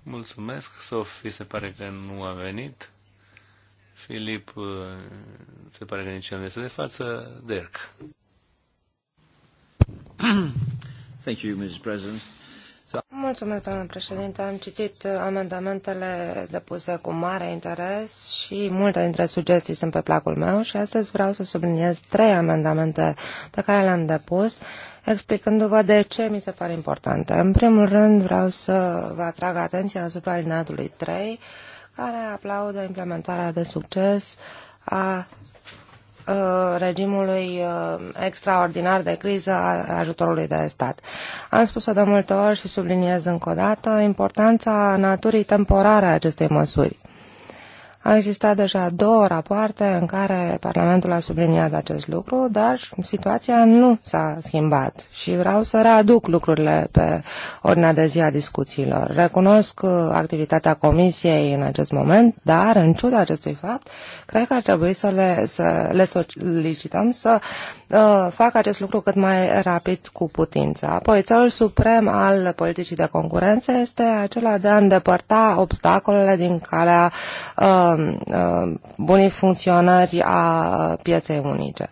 Mulțumesc! Sofi se pare că nu a venit. Filip se pare că nici nu este de față. Dirk. Thank you, mr President. Mulțumesc, doamnă președinte. Am citit amendamentele depuse cu mare interes și multe dintre sugestii sunt pe placul meu și astăzi vreau să subliniez trei amendamente pe care le-am depus, explicându-vă de ce mi se pare importante. În primul rând vreau să vă atrag atenția asupra alineatului 3, care aplaudă implementarea de succes a Uh, regimului uh, extraordinar de criză a ajutorului de stat. Am spus-o de multe ori și subliniez încă o dată importanța naturii temporare a acestei măsuri. A existat deja două rapoarte în care Parlamentul a subliniat acest lucru, dar situația nu s-a schimbat și vreau să readuc lucrurile pe ordinea de zi a discuțiilor. Recunosc uh, activitatea Comisiei în acest moment, dar în ciuda acestui fapt, cred că ar trebui să le, să le solicităm să uh, Ă, fac acest lucru cât mai rapid cu putință. Apoi, țelul suprem al politicii de concurență este acela de a îndepărta obstacolele din calea uh, ă, uh, ă, bunii funcționări a pieței unice.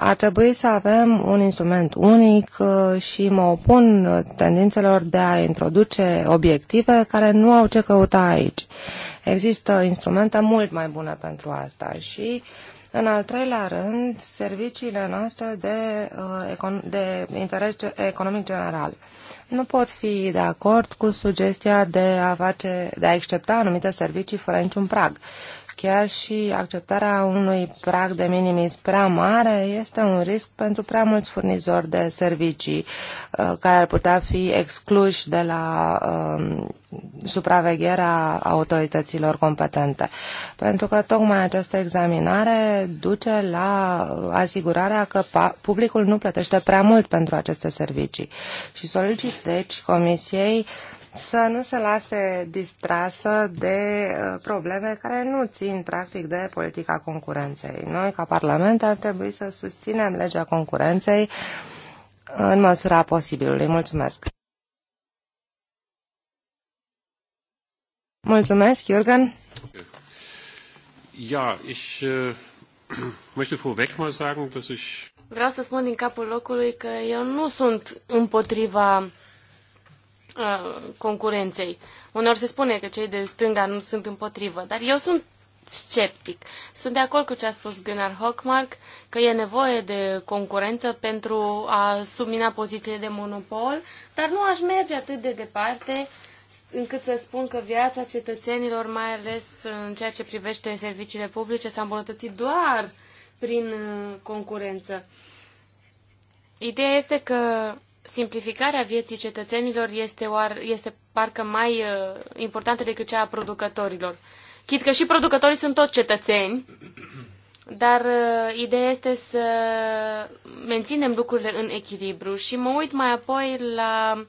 Ar trebui să avem un instrument unic și mă opun tendințelor de a introduce obiective care nu au ce căuta aici. Există instrumente mult mai bune pentru asta și uh, în al treilea rând, serviciile noastre de, uh, de interes economic general. Nu pot fi de acord cu sugestia de a, face, de a accepta anumite servicii fără niciun prag chiar și acceptarea unui prag de minimis prea mare este un risc pentru prea mulți furnizori de servicii uh, care ar putea fi excluși de la um, supravegherea autorităților competente. Pentru că tocmai această examinare duce la asigurarea că publicul nu plătește prea mult pentru aceste servicii. Și solicit deci Comisiei uh, să nu se lase distrasă de uh, probleme care nu țin practic de politica concurenței. Noi, ca Parlament, ar trebui să susținem legea concurenței în măsura posibilului. Mulțumesc! Mulțumesc, Jürgen! Ja, ich äh, möchte vorweg mal sagen, dass ich Vreau să spun din capul locului că eu nu sunt împotriva concurenței. Unor se spune că cei de stânga nu sunt împotrivă, dar eu sunt sceptic. Sunt de acord cu ce a spus Gunnar Hockmark, că e nevoie de concurență pentru a submina poziție de monopol, dar nu aș merge atât de departe încât să spun că viața cetățenilor, mai ales în ceea ce privește serviciile publice, s-a îmbunătățit doar prin uh, concurență. Ideea este că simplificarea vieții cetățenilor este, oar, este parcă mai uh, importantă decât cea a producătorilor. Chit că și producătorii sunt tot cetățeni, dar uh, ideea este să menținem lucrurile în echilibru și mă uit mai apoi la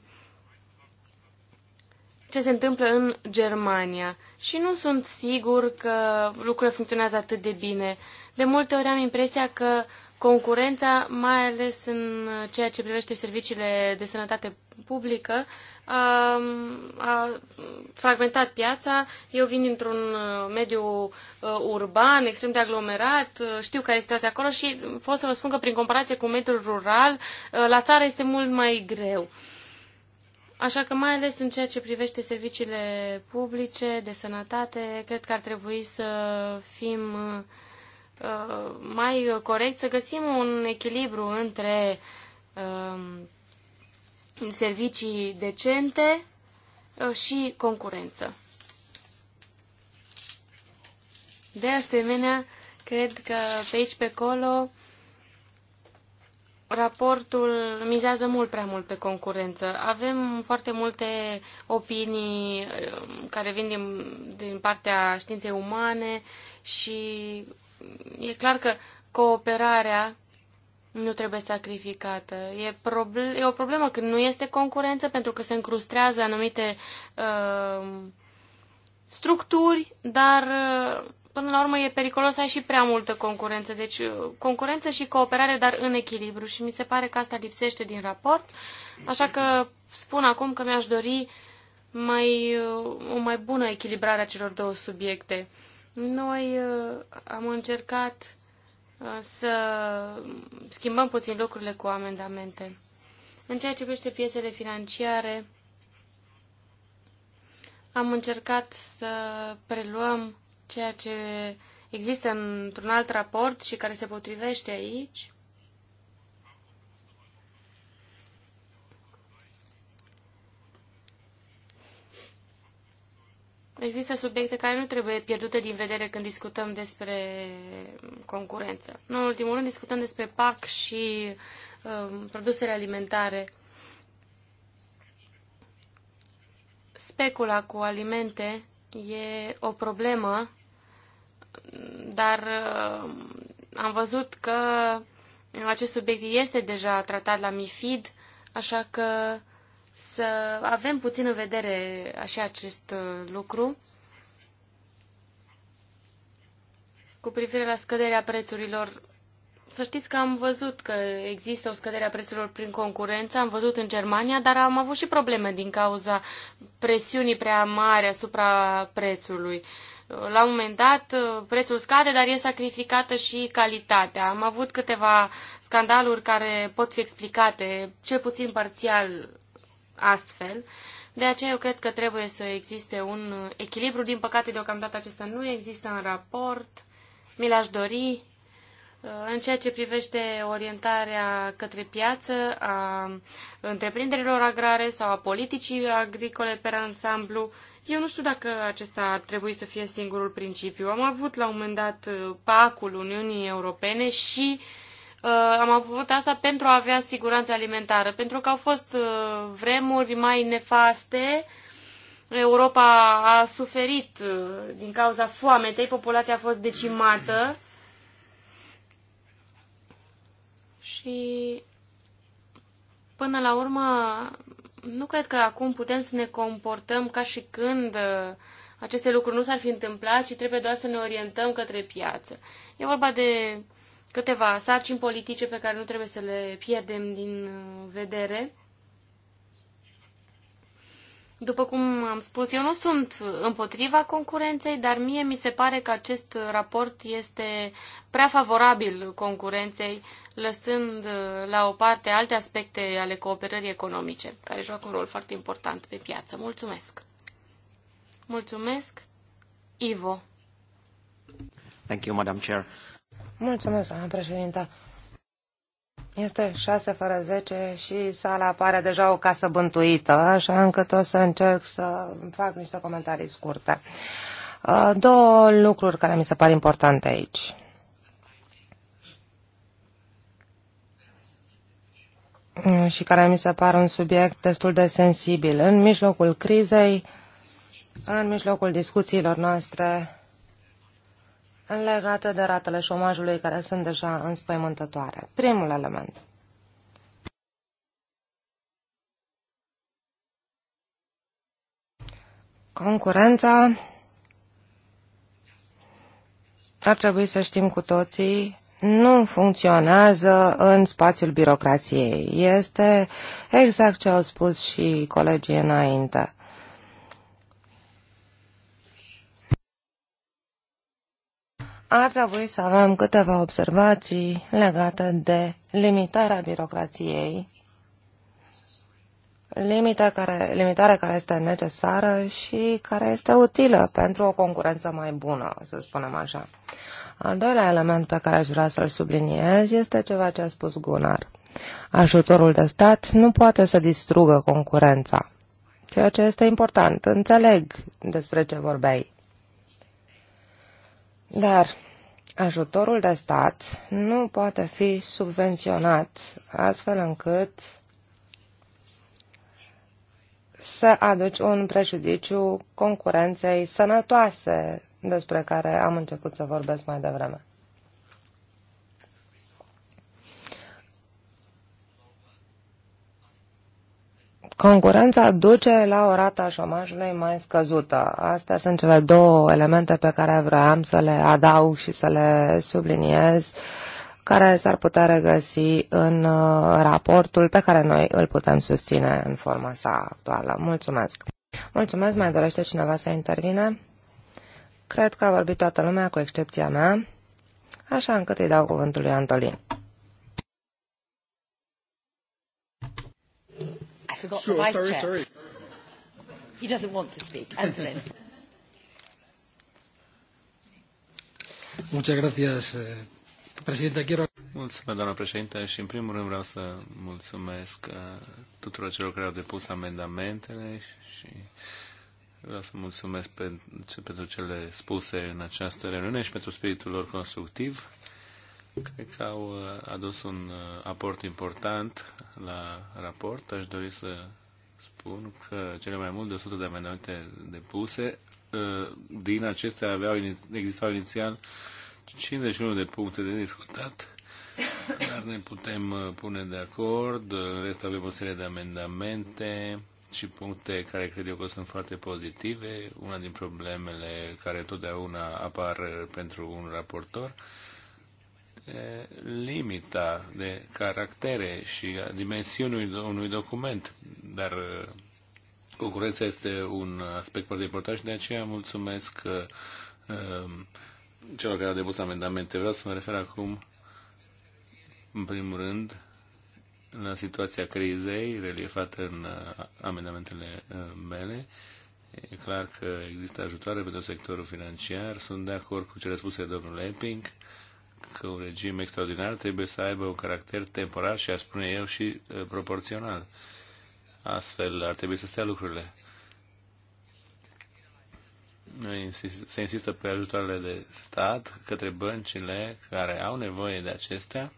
ce se întâmplă în Germania și nu sunt sigur că lucrurile funcționează atât de bine. De multe ori am impresia că Concurența, mai ales în ceea ce privește serviciile de sănătate publică, a, a fragmentat piața. Eu vin dintr-un uh, mediu uh, urban, extrem de aglomerat, uh, știu care este situația acolo și pot să vă spun că prin comparație cu mediul rural, la țară este mult mai greu. Așa că mai ales în ceea ce privește serviciile publice de sănătate, cred că ar trebui să fim uh, Uh, mai corect să găsim un echilibru între um, servicii decente uh, și concurență. De asemenea, cred că pe aici, pe acolo, raportul mizează mult prea mult pe concurență. Avem foarte multe opinii um, care vin din, din partea științei umane și e clar că cooperarea nu trebuie sacrificată. E, e o problemă când nu este concurență pentru că se încrustrează anumite uh, structuri, dar uh, până la urmă e periculos să ai și prea multă concurență. Deci uh, concurență și cooperare, dar în echilibru. Și mi se pare că asta lipsește din raport. Așa că spun acum că mi-aș dori mai, uh, o mai bună echilibrare a celor două subiecte. Noi uh, am încercat uh, să schimbăm puțin lucrurile cu amendamente. În ceea ce privește piețele financiare, am încercat să preluăm ceea ce există într-un alt raport și care se potrivește aici. Există subiecte care nu trebuie pierdute din vedere când discutăm despre concurență. Nu, în ultimul rând discutăm despre PAC și um, produsele alimentare. Specula cu alimente e o problemă, dar um, am văzut că acest subiect este deja tratat la MIFID, așa că să avem puțin în vedere așa acest uh, lucru cu privire la scăderea prețurilor. Să știți că am văzut că există o scădere a prețurilor prin concurență, am văzut în Germania, dar am avut și probleme din cauza presiunii prea mari asupra prețului. La un moment dat uh, prețul scade, dar e sacrificată și calitatea. Am avut câteva scandaluri care pot fi explicate, cel puțin parțial, astfel. De aceea eu cred că trebuie să existe un echilibru. Din păcate, deocamdată acesta nu există în raport. Mi l-aș dori. În ceea ce privește orientarea către piață a întreprinderilor agrare sau a politicii agricole pe ansamblu, eu nu știu dacă acesta ar trebui să fie singurul principiu. Am avut la un moment dat pacul Uniunii Europene și uh, Uh, am avut asta pentru a avea siguranță alimentară, pentru că au fost uh, vremuri mai nefaste. Europa a suferit uh, din cauza foametei, populația a fost decimată și până la urmă nu cred că acum putem să ne comportăm ca și când aceste lucruri nu s-ar fi întâmplat și trebuie doar să ne orientăm către piață. E vorba de câteva sarcini politice pe care nu trebuie să le pierdem din uh, vedere. După cum am spus, eu nu sunt împotriva concurenței, dar mie mi se pare că acest raport este prea favorabil concurenței, lăsând uh, la o parte alte aspecte ale cooperării economice, care joacă un rol foarte important pe piață. Mulțumesc! Mulțumesc, Ivo! Thank you, Madam Chair. Mulțumesc, doamna președinta. Este șase fără zece și sala pare deja o casă bântuită, așa încât o să încerc să fac niște comentarii scurte. Uh, două lucruri care mi se par importante aici. și care mi se par un subiect destul de sensibil. În mijlocul crizei, în mijlocul discuțiilor noastre legate de ratele șomajului care sunt deja înspăimântătoare. Primul element. Concurența ar trebui să știm cu toții nu funcționează în spațiul birocrației. Este exact ce au spus și colegii înainte. ar trebui să avem câteva observații legate de limitarea birocrației, limita care, limitarea care este necesară și care este utilă pentru o concurență mai bună, să spunem așa. Al doilea element pe care aș vrea să-l subliniez este ceva ce a spus Gunnar. Ajutorul de stat nu poate să distrugă concurența, ceea ce este important. Înțeleg despre ce vorbeai. Dar ajutorul de stat nu poate fi subvenționat astfel încât să aduci un prejudiciu concurenței sănătoase despre care am început să vorbesc mai devreme. Concurența duce la o rată a șomajului mai scăzută. Astea sunt cele două elemente pe care vreau să le adaug și să le subliniez, care s-ar putea regăsi în uh, raportul pe care noi îl putem susține în forma sa actuală. Mulțumesc! Mulțumesc! Mai dorește cineva să intervine? Cred că a vorbit toată lumea, cu excepția mea, așa încât îi dau cuvântul lui Antolin. forgot sure, the Vice sorry, Chair. Sorry. He doesn't want to speak. Anthony. Muchas gracias, eh, Presidenta. Quiero... Mulțumesc, doamna președinte, și în primul rând vreau să mulțumesc eh, tuturor celor care au depus amendamentele și vreau să mulțumesc pentru cele spuse în această reuniune și pentru spiritul lor constructiv. Cred că au uh, adus un uh, aport important la raport. Aș dori să spun că cele mai mult de 100 de amendamente depuse, uh, din acestea aveau, existau inițial 51 de puncte de discutat, dar ne putem pune de acord. În rest avem o serie de amendamente și puncte care cred eu că sunt foarte pozitive. Una din problemele care totdeauna apar pentru un raportor limita de caractere și a dimensiunii unui document, dar concurența este un aspect foarte important și de aceea mulțumesc celor care au depus amendamente. Vreau să mă refer acum, în primul rând, la situația crizei reliefată în amendamentele mele. E clar că există ajutoare pentru sectorul financiar. Sunt de acord cu cele spuse de domnul Epping că un regim extraordinar trebuie să aibă un caracter temporar și, aș spune eu, și uh, proporțional. Astfel ar trebui să stea lucrurile. Se insistă pe ajutoarele de stat către băncile care au nevoie de acestea.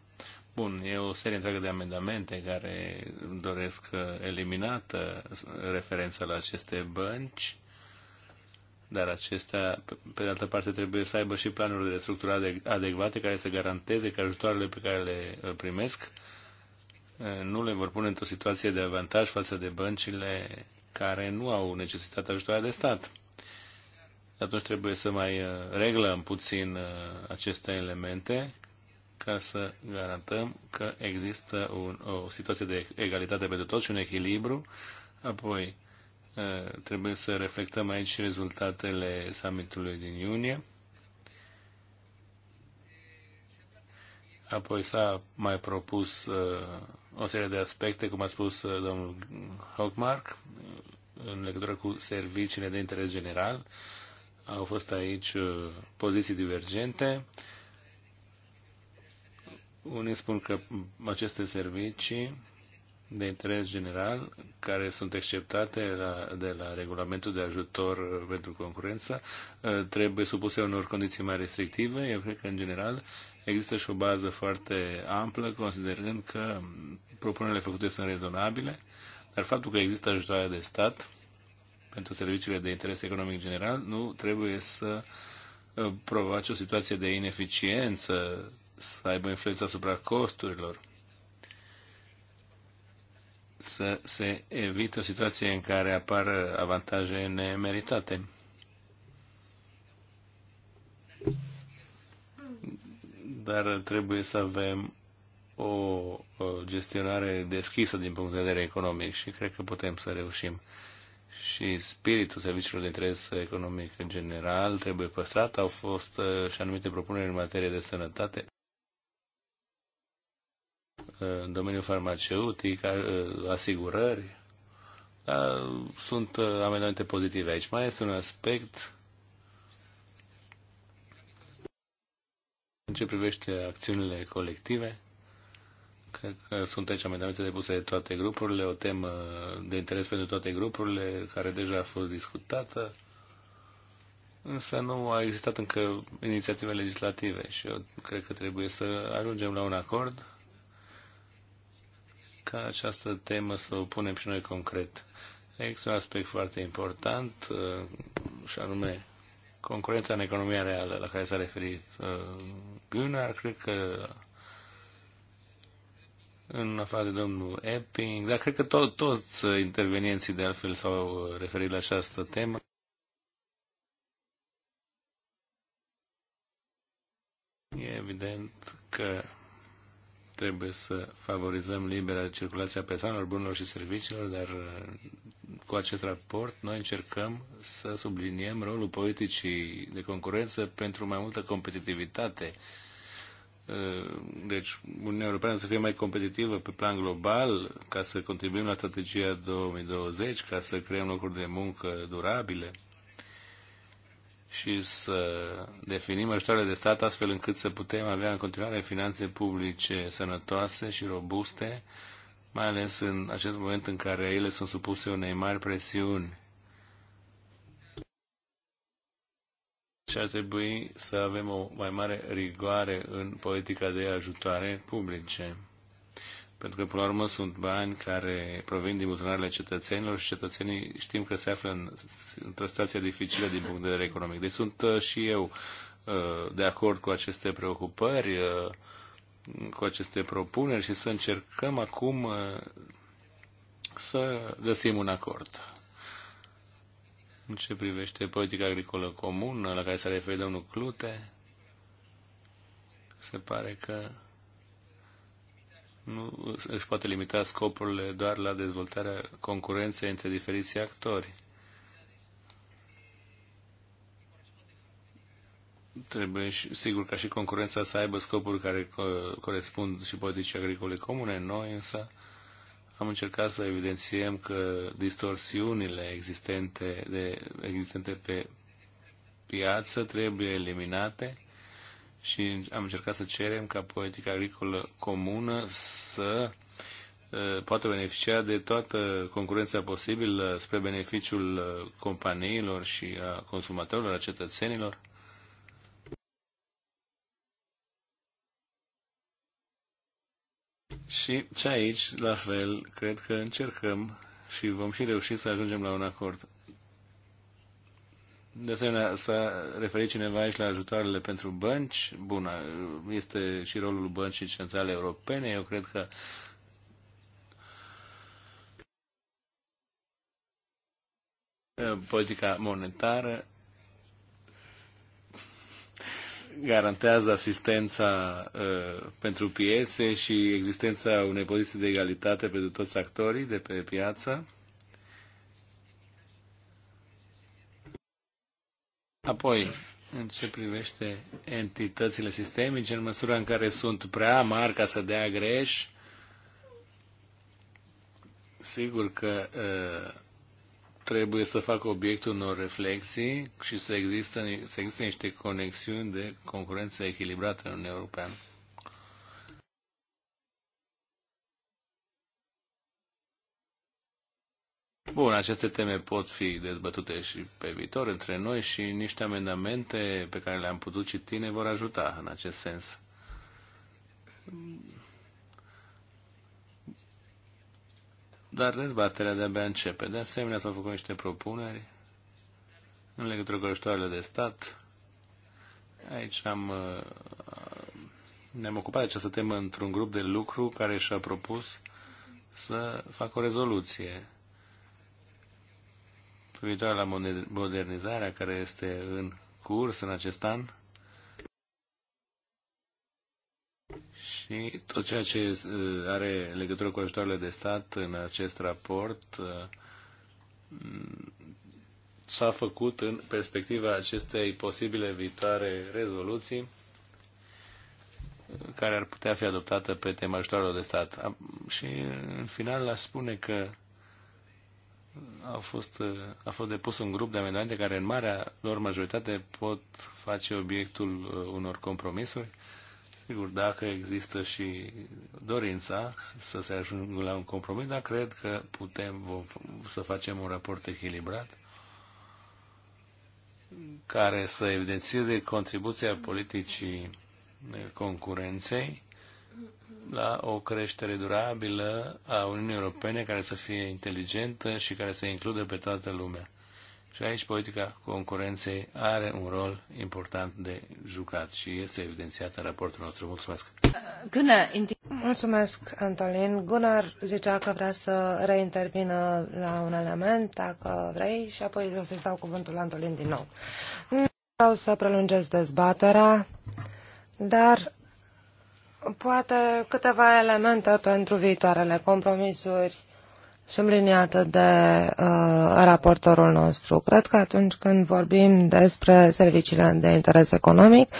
Bun, e o serie întreagă de amendamente care doresc uh, eliminată uh, referența la aceste bănci dar acestea, pe de altă parte, trebuie să aibă și planuri de restructurare adecvate care să garanteze că ajutoarele pe care le uh, primesc uh, nu le vor pune într-o situație de avantaj față de băncile care nu au necesitat ajutoare de stat. Atunci trebuie să mai uh, reglăm puțin aceste elemente ca să garantăm că există un, o situație de egalitate pentru toți și un echilibru. Apoi, Eh, trebuie să reflectăm aici rezultatele summitului din iunie. Apoi s-a mai propus eh, o serie de aspecte, cum a spus eh, domnul Hockmark, în legătură cu serviciile de interes general. Au fost aici poziții divergente. Unii spun că aceste servicii de interes general care sunt exceptate la, de la regulamentul de ajutor pentru concurență uh, trebuie supuse unor condiții mai restrictive. Eu cred că, în general, există și o bază foarte amplă, considerând că propunerile făcute sunt rezonabile, dar faptul că există ajutoare de stat pentru serviciile de interes economic general nu trebuie să uh, provoace o situație de ineficiență, să aibă influență asupra costurilor să se evite o situație în care apar avantaje nemeritate. Dar trebuie să avem o gestionare deschisă din punct de vedere economic și cred că putem să reușim. Și spiritul serviciilor de interes economic în general trebuie păstrat. Au fost uh, și anumite propuneri în materie de sănătate în domeniul farmaceutic, asigurări. Sunt amendamente pozitive aici. Mai este un aspect în ce privește acțiunile colective. Cred că sunt aici amendamente depuse de toate grupurile, o temă de interes pentru toate grupurile, care deja a fost discutată, însă nu a existat încă inițiative legislative și eu cred că trebuie să ajungem la un acord ca această temă să o punem și noi concret. Există un aspect foarte important uh, și anume concurența în economia reală la care s-a referit uh, Gunnar, cred că în afară de domnul Epping, dar cred că to- toți intervenienții de altfel s-au referit la această temă. E evident că trebuie să favorizăm libera circulație a persoanelor, bunurilor și serviciilor, dar uh, cu acest raport noi încercăm să subliniem rolul politicii de concurență pentru mai multă competitivitate. Uh, deci Uniunea Europeană să fie mai competitivă pe plan global ca să contribuim la strategia 2020, ca să creăm locuri de muncă durabile și să definim ajutoarele de stat astfel încât să putem avea în continuare finanțe publice sănătoase și robuste, mai ales în acest moment în care ele sunt supuse unei mari presiuni. Și ar trebui să avem o mai mare rigoare în politica de ajutoare publice pentru că, până la urmă, sunt bani care provin din buzunarele cetățenilor și cetățenii știm că se află în, într-o situație dificilă din punct de vedere economic. Deci sunt uh, și eu uh, de acord cu aceste preocupări, uh, cu aceste propuneri și să încercăm acum să găsim un acord. În ce privește politica agricolă comună la care s-a referit domnul Clute, se pare că nu își poate limita scopurile doar la dezvoltarea concurenței între diferiți actori. Trebuie, și, sigur, ca și concurența să aibă scopuri care corespund și politicii agricole comune. Noi, însă, am încercat să evidențiem că distorsiunile existente, de, existente pe piață trebuie eliminate și am încercat să cerem ca politica agricolă comună să poată beneficia de toată concurența posibilă spre beneficiul companiilor și a consumatorilor, a cetățenilor. Și ce aici, la fel, cred că încercăm și vom și reuși să ajungem la un acord. De asemenea, s-a referit cineva aici la ajutoarele pentru bănci. Bun, este și rolul băncii centrale europene. Eu cred că politica monetară garantează asistența uh, pentru piețe și existența unei poziții de egalitate pentru toți actorii de pe piață Apoi, în ce privește entitățile sistemice, în măsura în care sunt prea mari ca să dea greș, sigur că ă, trebuie să facă obiectul unor reflexii și să există, să există niște conexiuni de concurență echilibrată în Uniunea Europeană. Bun, aceste teme pot fi dezbătute și pe viitor între noi și niște amendamente pe care le-am putut citi ne vor ajuta în acest sens. Dar dezbaterea de-abia începe. De asemenea, s-au făcut niște propuneri în legătură cu ajutoarele de stat. Aici am, uh, ne-am ocupat de această temă într-un grup de lucru care și-a propus să facă o rezoluție privitoare la modernizarea care este în curs în acest an și tot ceea ce uh, are legătură cu ajutoarele de stat în acest raport uh, s-a făcut în perspectiva acestei posibile viitoare rezoluții uh, care ar putea fi adoptată pe tema ajutoarelor de stat. Și în final aș spune că a fost, uh, a fost depus un grup de amendamente care în marea lor majoritate pot face obiectul uh, unor compromisuri. Sigur, dacă există și dorința să se ajungă la un compromis, dar cred că putem vom, să facem un raport echilibrat care să evidențieze contribuția politicii uh, concurenței la o creștere durabilă a Uniunii Europene care să fie inteligentă și care să includă pe toată lumea. Și aici politica concurenței are un rol important de jucat și este evidențiat în raportul nostru. Mulțumesc! Mulțumesc, Antolin. Gunnar zicea că vrea să reintervină la un element, dacă vrei, și apoi o să-i dau cuvântul Antolin din nou. Nu vreau să prelungesc dezbaterea, dar Poate câteva elemente pentru viitoarele compromisuri subliniată de uh, raportorul nostru. Cred că atunci când vorbim despre serviciile de interes economic,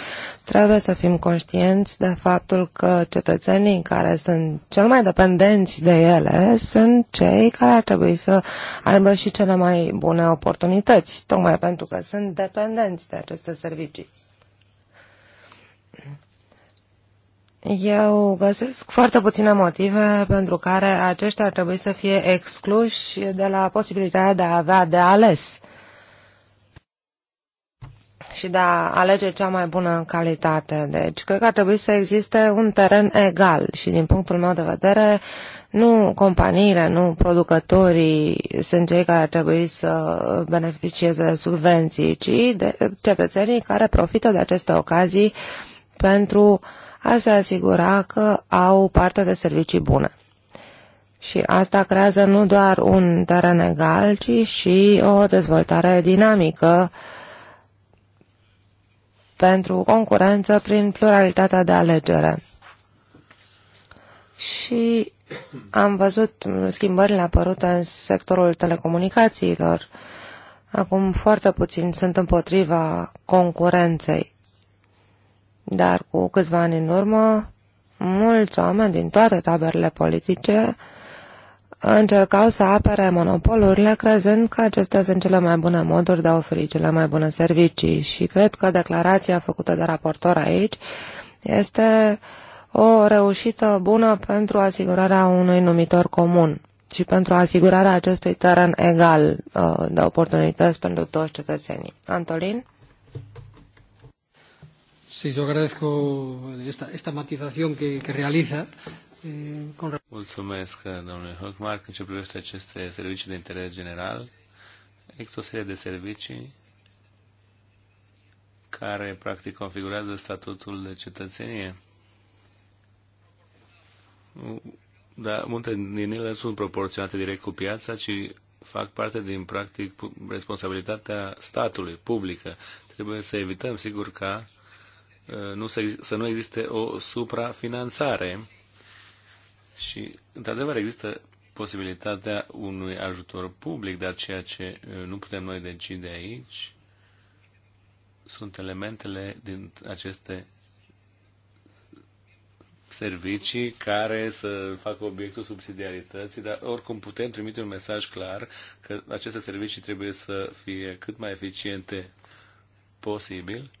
trebuie să fim conștienți de faptul că cetățenii care sunt cel mai dependenți de ele sunt cei care ar trebui să aibă și cele mai bune oportunități, tocmai pentru că sunt dependenți de aceste servicii. Eu găsesc foarte puține motive pentru care aceștia ar trebui să fie excluși de la posibilitatea de a avea de ales și de a alege cea mai bună calitate. Deci, cred că ar trebui să existe un teren egal și, din punctul meu de vedere, nu companiile, nu producătorii sunt cei care ar trebui să beneficieze de subvenții, ci de cetățenii care profită de aceste ocazii pentru uh, a se asigura că au parte de servicii bune. Și asta creează nu doar un teren egal, ci și o dezvoltare dinamică pentru concurență prin pluralitatea de alegere. Și am văzut schimbările apărute în sectorul telecomunicațiilor. Acum foarte puțin sunt împotriva concurenței. Dar cu câțiva ani în urmă, mulți oameni din toate taberele politice încercau să apere monopolurile, crezând că acestea sunt cele mai bune moduri de a oferi cele mai bune servicii. Și cred că declarația făcută de raportor aici este o reușită bună pentru asigurarea unui numitor comun și pentru asigurarea acestui teren egal uh, de oportunități pentru toți cetățenii. Antolin? Sí, yo agradezco esta, esta matización que, que realiza. Eh, Mulțumesc, domnule Hochmark. În ce privește aceste servicii de interes general, există o serie de servicii care practic configurează statutul de cetățenie. Dar multe din ele sunt proporționate direct cu piața, ci fac parte din practic responsabilitatea statului, publică. Trebuie să evităm, sigur, ca Uh, nu să, să nu existe o suprafinanțare. Și, într-adevăr, există posibilitatea unui ajutor public, dar ceea ce uh, nu putem noi decide aici sunt elementele din aceste servicii care să facă obiectul subsidiarității, dar oricum putem trimite un mesaj clar că aceste servicii trebuie să fie cât mai eficiente posibil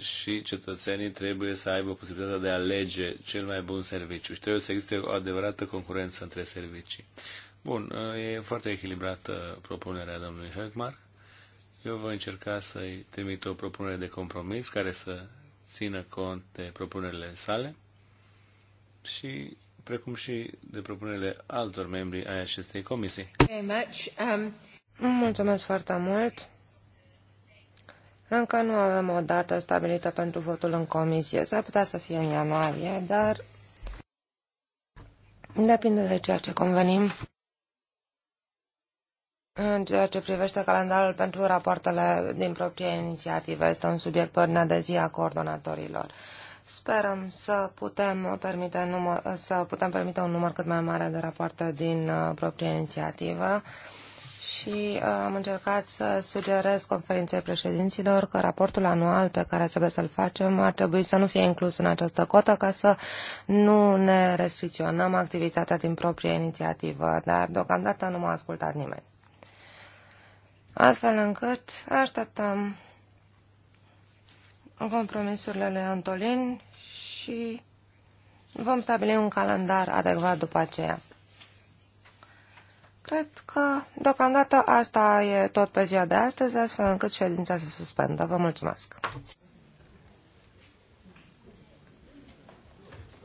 și cetățenii trebuie să aibă posibilitatea de a alege cel mai bun serviciu și trebuie să existe o adevărată concurență între servicii. Bun, ă, e foarte echilibrată propunerea domnului Höckmark. Eu voi încerca să-i trimit o propunere de compromis care să țină cont de propunerile sale și precum și de propunerile altor membri ai acestei comisii. Mulțumesc foarte mult! Încă nu avem o dată stabilită pentru votul în comisie. S-ar putea să fie în ianuarie, dar depinde de ceea ce convenim. În ceea ce privește calendarul pentru rapoartele din proprie inițiativă, este un subiect pe ordinea de zi a coordonatorilor. Sperăm să putem, permite număr, să putem permite un număr cât mai mare de rapoarte din uh, proprie inițiativă și uh, am încercat să sugerez conferinței președinților că raportul anual pe care trebuie să-l facem ar trebui să nu fie inclus în această cotă ca să nu ne restricționăm activitatea din proprie inițiativă, dar deocamdată nu m-a ascultat nimeni. Astfel încât așteptăm compromisurile lui Antolin și vom stabili un calendar adecvat după aceea. Cred că deocamdată asta e tot pe ziua de astăzi, astfel încât ședința se suspendă. Vă mulțumesc!